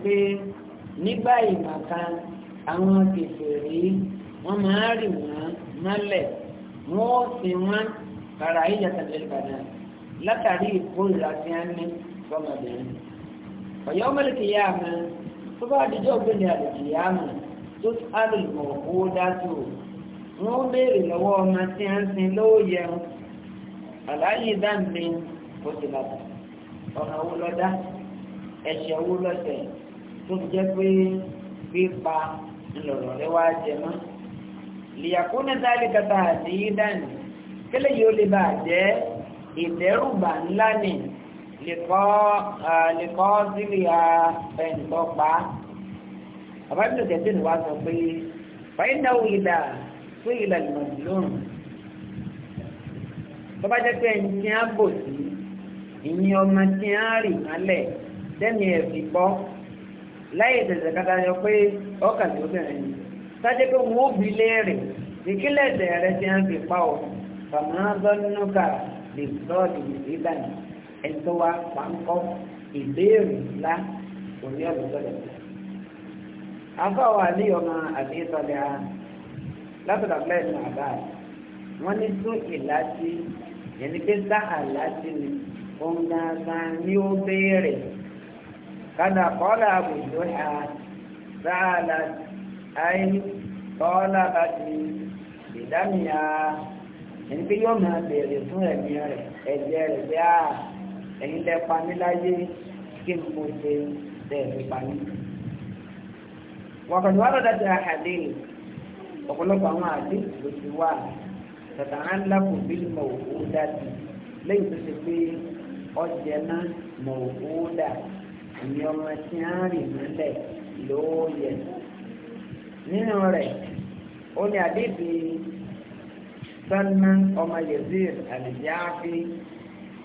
wọ́n máa rì wọ́n mọ́lẹ̀ wọ́n ó wọ́n kàrà ìyàtọ̀ látàrí ìkórìíra tí wọ́n ní fọmọbìnrin ọ̀yọ́ ọmọlẹ́kìyàmọ́ tó bá àdìjọ́ ògbéni àdìjìyàmọ́ tó alùpùpù owó dátò wọ́n béèrè lọ́wọ́ ọmọ tí a ń sin lóòyẹ àláyé dáǹdé ó ti bàtà ọ̀nà owó lọ́dá ẹ̀ṣẹ̀ owó lọ́sẹ̀ tó fi jẹ́ pé pípa ńlọ̀rọ̀ rẹ wá jẹ mọ́ lìyàkúnná dáálé kata àdìyí dáǹdé kí lè yóò lè bàjẹ́ ìdẹ́rùbà ńlá nìyí lìkọ́ sílì ẹnìkan pa àbájọ jẹ́sìn wa sọ pé fàyíndáwó ìlà fún ìlà ìmọ̀lóhùn tó bá jẹ́ pé ẹni tí a bò sí ìyìn ọmọ tí a rì málẹ̀ dẹ́ni ẹ̀ fi bọ́ láyé tẹ̀sẹ̀ kata yọ pé ọkà tí ó bẹ̀rẹ̀ ni sájẹ́ pé wọ́n ó bi ìkílẹ̀ ẹ̀sẹ̀ rẹ̀ tí a fi pa ọ̀ fàmọ́ dọ́nù ká lè sọ́ọ̀dì ìdánì ẹ̀tọ́ wa pàǹkọ́ ìbéèrè ńlá òní ọ̀dọ́dọ̀ afáwà ní ọmọ àdéhùtọ́lẹ̀ á látọ̀dọ̀ abúlé ní àbá wọn ní tó ìlàtí yẹn ni pé sáà láti ni òun gangan ni ó béèrè kada kọ́lá àbùdó ha sáà láti àyè kọ́lá láti ìdámìá yẹn ni pé yóò máa béèrè fún ẹ̀mí rẹ̀ ẹ̀jẹ̀ rẹ̀ bí a. Ah, ẹ̀yin lẹ pa mí láyé kí n mo ṣe bẹ́ẹ̀ mi pa mí. wọ́n kàn wá lọ́dọ̀ tí a hà dé ọ̀pọ̀lọpọ̀ àwọn àdé ló ti wà tàtà á ń lápò bí mo ò dá sí lẹ́yìn tó ṣe pé ọjẹ́ náà mo ò dá ìyẹn ọmọ tí a ń rìn nílẹ̀ lóòyẹ̀. nínú rẹ̀ ó ní àdébì Salman ọmọ Yazid àlìjáfi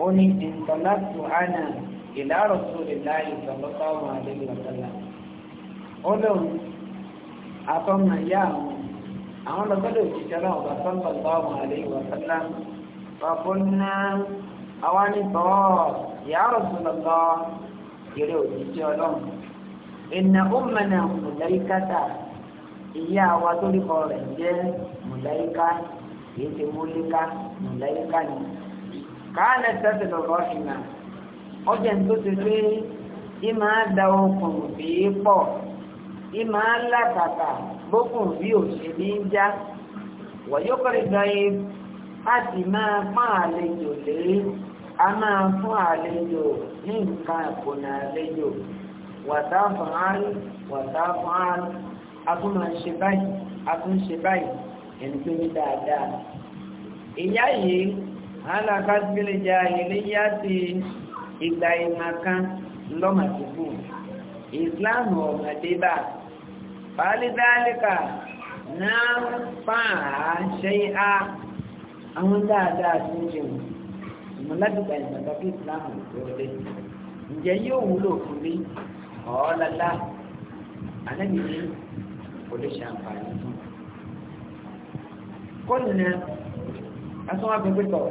ó ní ìtọ́látù àná ìlàrọ̀ tó lè láyé ìtọ́lọ́tà ọmọ àlejò ọ̀tọ́lá ó lóun àtọ́mọ ìyá àwọn àwọn lọ́gọ́dọ̀ òṣìṣẹ́ náà bá sọ́lọ́tà ọmọ àlejò ọ̀tọ́lá fàfúnná àwọn nìtọ́ ìyàrọ̀ tó lọ́tọ́ ìrẹ́ òṣìṣẹ́ ọlọ́run ìnà ó mẹ́nà mùlẹ́ríkátà ìyá wa tó rí kọ rẹ̀ jẹ́ mùlẹ́ríká kì í ṣe múlíká mùlẹ́ríká ni káàlẹ̀ tẹ́tẹ̀ lọ́rọ̀ ìlà ọjọ́ tó ti pé ìmọ̀ àdá okùn bí pọ̀ ìmọ̀ alákàtà bókùn bí òṣèlú ń já wọ̀yọ́kọ̀rẹ́ gbáyé láti máa pán àlejò lé a máa fún àlejò ní nǹkan ìkùnà àlejò wàtáfàán wàtáfàán akúmọ̀ ṣe báyìí akúnṣe báyìí ẹni pé ní dáadáa ìyá yìí alákàtúbílẹ̀ jà iléyà ti ìgbà ìmọ̀kan lọ́màtìkù ìsìláàmù ọ̀mọ̀débà pàálídálíkà náà pàá ṣe á àwọn dáadáa tó ń jẹun ìmọ̀lágbègbà ìgbàgbàgbé ìsìláàmù ìgbòròdé ǹjẹ́ yóò wúlò fún mi ọ̀ọ́lọ́lá alẹ́bìnrin kò lè ṣàǹfààní fún kọ́nìyàn asọ́wọ́n agbègbè tọ̀ọ̀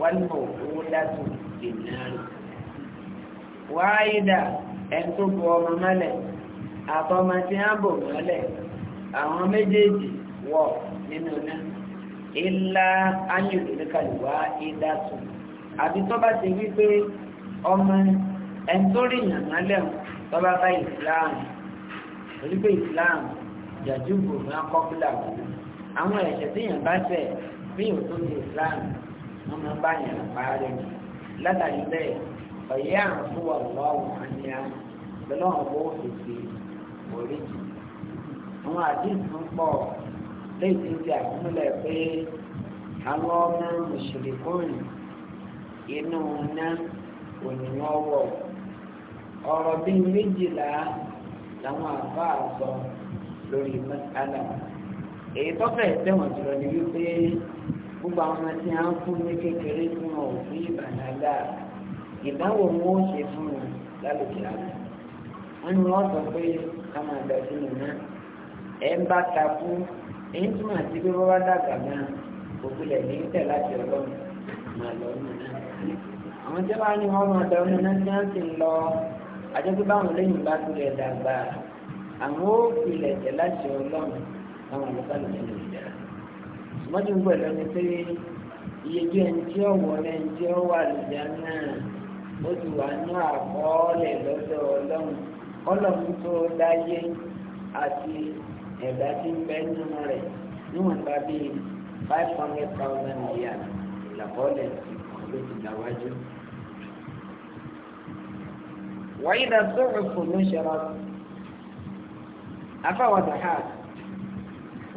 والموجودة في النار واحدة ẹni tó bu ọmọ mọ́lẹ̀ àtọmọ tí a bò mọ́lẹ̀ àwọn méjèèjì wọ̀ nínú náà ilá ayélujára ìdásù àbí tó bá ti wípé ọmọ ẹni rí yàn àwọn ẹ̀ṣẹ̀ tí yàn bá ṣẹ̀ bí òtún ní ìsìláàmù wọ́n máa bá yàn parí látàrí bẹ́ẹ̀ ọ̀yẹ́ àǹfọwọ́ lọ́wọ́ àníyá lọ́wọ́ bó fèsì oríjì àwọn àdéhùn pọ̀ lẹ́yìn tí àkúnlẹ̀ pé àwọn ọmọ mùsùlùmí inú ná ònìyàn wọ̀ ọ̀rọ̀ bíi méjìlá làwọn àfáà sọ lórí mẹ́tàlá èyí tó fẹ́ẹ́ tẹ̀wọ̀n jùlọ ni wípé. gbogbo àwọn ọmọ tí a ń fún ní kékeré fún òfin ìbàdàgbà ìbáwò wọn ṣe fún un lálùkì àná wọn ni wọn sọ pé ká máa gbà sí nìyẹn ẹ ń bá túmọ̀ sí pé dàgbà òkú lẹ̀ ní tẹ̀ láti ọlọ́run lọ àwọn tí wọn ní wọn máa tí wọn wọ́n ti ń gbọ́ ìlọ́ni pé iye jẹ́ ẹni tí ó wọ ní ẹni tí ó wà lùdá náà ó ti wà ní àkọọ́lẹ̀ lọ́dọ̀ ọlọ́run ọlọ́run tó dáyé àti ẹ̀dá tí ń bẹ nínú rẹ̀ níwọ̀n bá bíi five hundred thousand naira làkọọ́lẹ̀ ló ti dáwájú. wàyí dà sọ̀rọ̀ fún mi ṣe ra afáwàdà hàt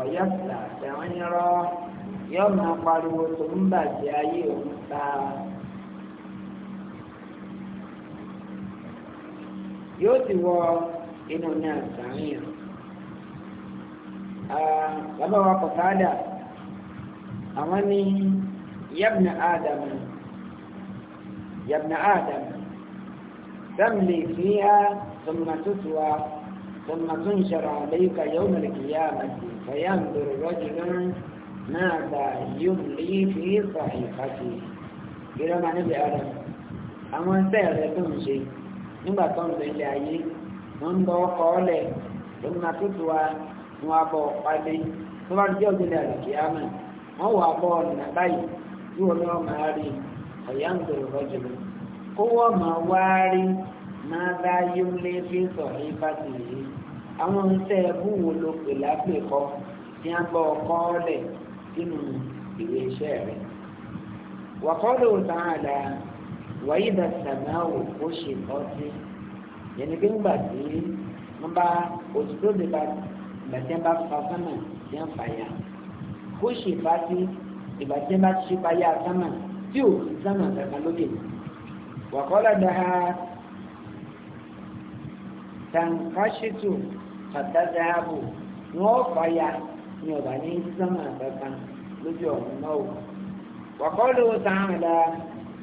wọ̀yá sàtẹ̀ ń rọ yóò máa pariwo tó ń bàjẹ́ ayé òun ta. yóò ti wọ inú ní àtàríyàn. bàbá wa kò sáádà àwọn ní yabna adam yabna adam tamli fiha ثم تتوى ثم تنشر عليك يوم القيامة فينظر رجل ماذا يملي na صحيفته ìrọ́ máa níbi ara àwọn ẹgbẹ́ rẹ̀ tó ń ṣe nígbà tó ń lọ ilé ayé wọ́n ń bọ́ ọkọ̀ ọ̀lẹ̀ lómìnà tó tu wa ni wọ́n á bọ̀ pàdé tó bá jẹ́ òjòlè àlùkí àwọn ńṣẹ́ ẹbú wo ló pè lápèkọ́ tí a gbọ́ ọkọ́ rẹ̀ sínú ìwé iṣẹ́ rẹ̀. wàkọ́lù tààdà wàyídà sàmáwò ó ṣe ọtí yẹnni bí ńgbà tí wọ́n bá òtútù ti bá gbàtí bá fa sánà tí wọ́n fà yà ó ṣe fàtí ìgbà tí wọ́n bá ṣe fàyà sánà tí ò sí sánà kankan lókè wàkọ́lù dáhà tàǹkàṣìtò pàtàkì ààbò ni wọ́n fàyà ni ọ̀bà ní sánmà kankan lójú ọ̀hún náà o. wàkọ́lù sàmìlà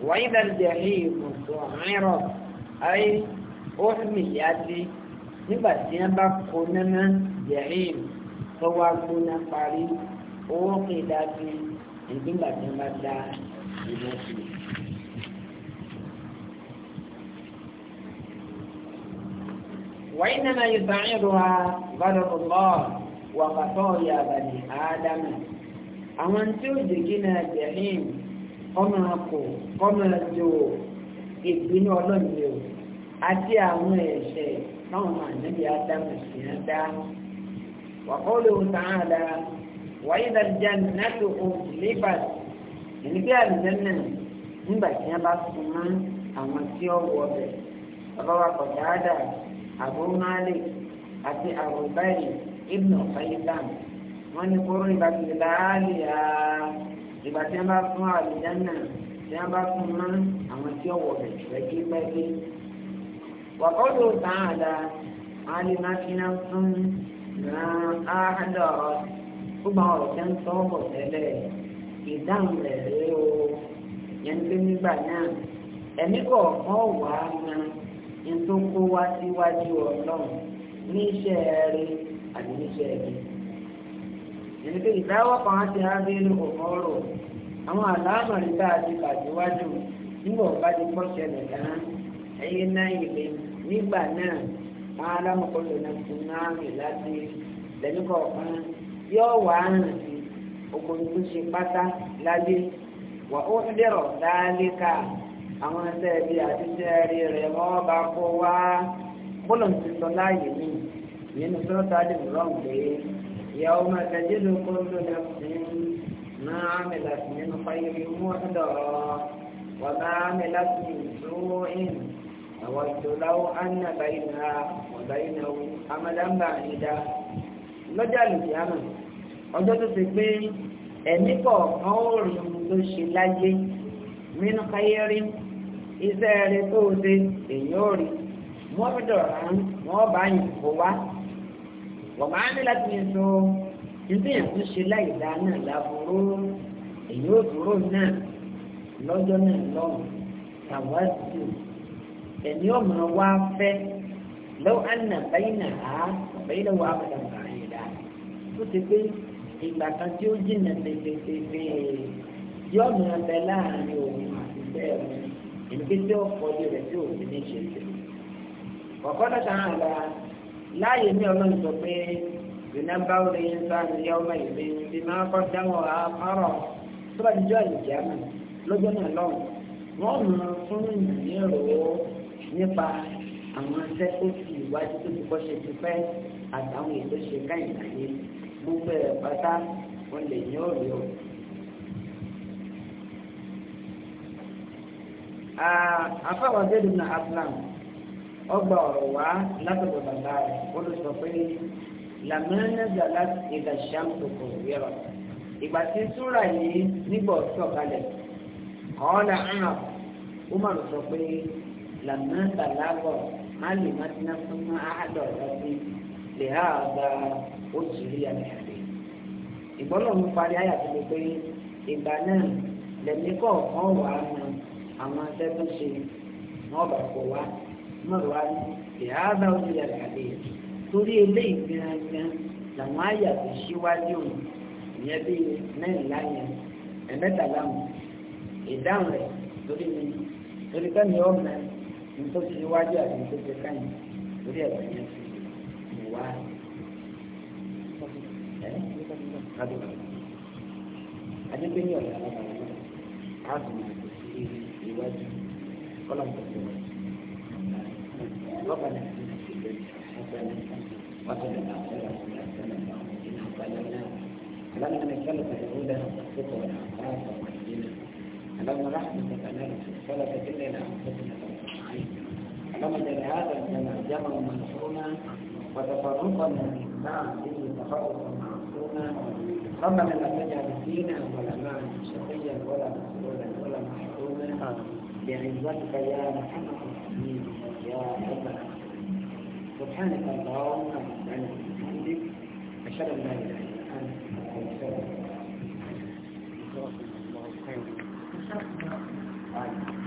wàyídà jẹ̀rí ìmùsùn àmìrọ̀ ayé ó mi yá sí nígbà tí wọ́n bá kó nánà jẹ̀rí tó wá gbóná parí owó kìí dá sí tí wọ́n bá dá ìmọ̀sùn. وإنما يساعدها غضب الله وخطايا بني آدم àwọn tí ó jẹ́ kí náà jẹ̀hìn kọ́mọ akọ kọ́mọ ẹjọ́ ìpinnu ọlọ́ọ̀ni o àti àwọn ẹ̀ṣẹ̀ táwọn máa níbi ádámù sí ń dá wàkọ́lù tààdà wáyé dájá nàtò òun lébàt ìníbí àlùjẹ́nà nígbà tí wọ́n bá súnmọ́ àwọn tí abu malik àti abubayi ibn faisan wọn ní kúrò ìbàdí láàlìyà ìgbà tí wọn bá fún àlùjáná tí wọn bá fún mọ àwọn tí ó wọ bẹ rẹgí pẹbí wàkọọdù tààdà alimakina fún náà àádọrọ gbogbo àwọn ọ̀rọ̀ tí wọn sọ bọ tẹ́lẹ̀ ìdáhùn rẹ rèé o yẹn ń gbé nígbà náà ẹ̀mí kọ̀ọ̀kan wà á máa. ètò kó wá síwájú ọlọ́run ní iṣẹ́ rẹ àti níṣẹ́ rẹ. ẹni pé ìdáwọ́ kan á ti rábí inú ọ̀rọ̀ àwọn àlámọ̀rin tá a ti bàjẹ́wájú nígbà ọ̀bá ti pọ̀ ṣẹlẹ̀ ẹ̀yẹ náà ìlé nígbà náà náà fún náà rìn láti lẹ́nu kọ̀ọ̀kan yóò wá sí tó ṣe pátá àwọn ẹsẹ̀ ẹbí àti iṣẹ́ rí rẹ̀ wọ́n bá kó wá bọ́lọ̀ ti sọ láàyè mí nínú tó tàbí mìíràn pé ìyàwó máa tẹ̀jú ló kó lóde ọ̀sìn máa mi láti nínú fáyẹ̀rí amadamba àyídá lọ́jà lùdí àmà ọjọ́ tó ti pé ẹ̀mí kọ̀ọ̀kan ó rí ṣe láyé nínú fáyẹ̀rí mú iṣẹ́ rẹ tó o ṣe èyàn ò rí wọ́n fi dọ̀rọ̀ án wọ́n bá yìn kó wá wọ́n máa ní láti ní so níbi yẹn tó ṣe láì dá náà láburú èyàn ò dúró náà lọ́jọ́ náà lọ́hùn tàwátì ẹ̀mí ọ̀mọ wa fẹ́ lọ́wọ́ àná bẹ́yìn náà bẹ́yìn náà wà á bàtà bàtà ó ti pé ìgbà kan tí ó jìnnà tètè tètè yọ̀ọ̀mù abẹ láàrin òun àti bẹ́ẹ̀ mi ìgbésí ọ̀pọ̀lọpọ̀ rẹ̀ tí òun ní ṣe ṣe. ọ̀kọ́dọ̀ kan àgbà láàyè ní ọlọ́run sọ pé ìnáwó rẹ̀ ń sá ní ọmọ ìgbé ti máa kọ́ dáwọ̀ àpárọ̀ tó bá jíjọ́ ìjàmù lọ́jọ́ náà lọ́wọ́ wọ́n mú fún ìrìnàjò nípa àwọn iṣẹ́ tó fi ìwádìí tó ti kọ́ ṣe ti pẹ́ àtàwọn ètò ṣe káyìn láyé gbogbo ẹ̀ pátá wọn lè ní ọ̀rẹ́ afáwọn zéèdù náà aslam ọgbà ọ̀rọ̀ wá látọ̀dọ̀ bàbá rẹ̀ olùsọ pé làmínà zàlá ìdá sàmùtò kò yẹrọ ìgbà tí súrà yìí nígbà sọ̀kalẹ̀ kọ́ọ̀lá ńlá umar sọ pé làmínà zàlá má lè má ti ná fún àádọ́ ìdásí lè há àgbà òjìrí parí pé ìgbà náà lẹ́mí kọ̀ọ̀kan wà á àwọn atẹ́gùn ṣe wọn bá kọ wá mọ̀rọ̀ wá ní ìhàbá omi yàrá àdé torí eléyìí gangan làwọn àyà tó ṣíwájú òun ìyẹn bíi mẹ́rìnlá yẹn ẹ̀mẹ́ta láwọn ìdáhùn rẹ̀ torí mi torí pé mi ò mẹ́ nítorí ṣíwájú àti nítorí káyìn torí ẹ̀rọ yẹn ti wá. Adé pé ní ọ̀la lọ́wọ́ àwọn àtúntò ìwájú kọ́lọ́mù tó wọ́n ربنا اتنا في الدنيا حسنه وقنا العذاب حسنه وقنا عذاب النار اللهم نسالك الهدى والصدق والعفاف والغنى اللهم رحمتك نالت فلا تدل الى انفسنا اللهم اجعل هذا الجمع جمعا مرحوما وتفرقنا من بعده تفرقا معصوما ربنا لا تجعل فينا ولا معنا شقيا ولا مسؤولا ولا بعزتك يا محمد يا ربنا سبحانك اللهم وبحمدك أشهد أن لا إله إلا أنت أستغفرك الله خير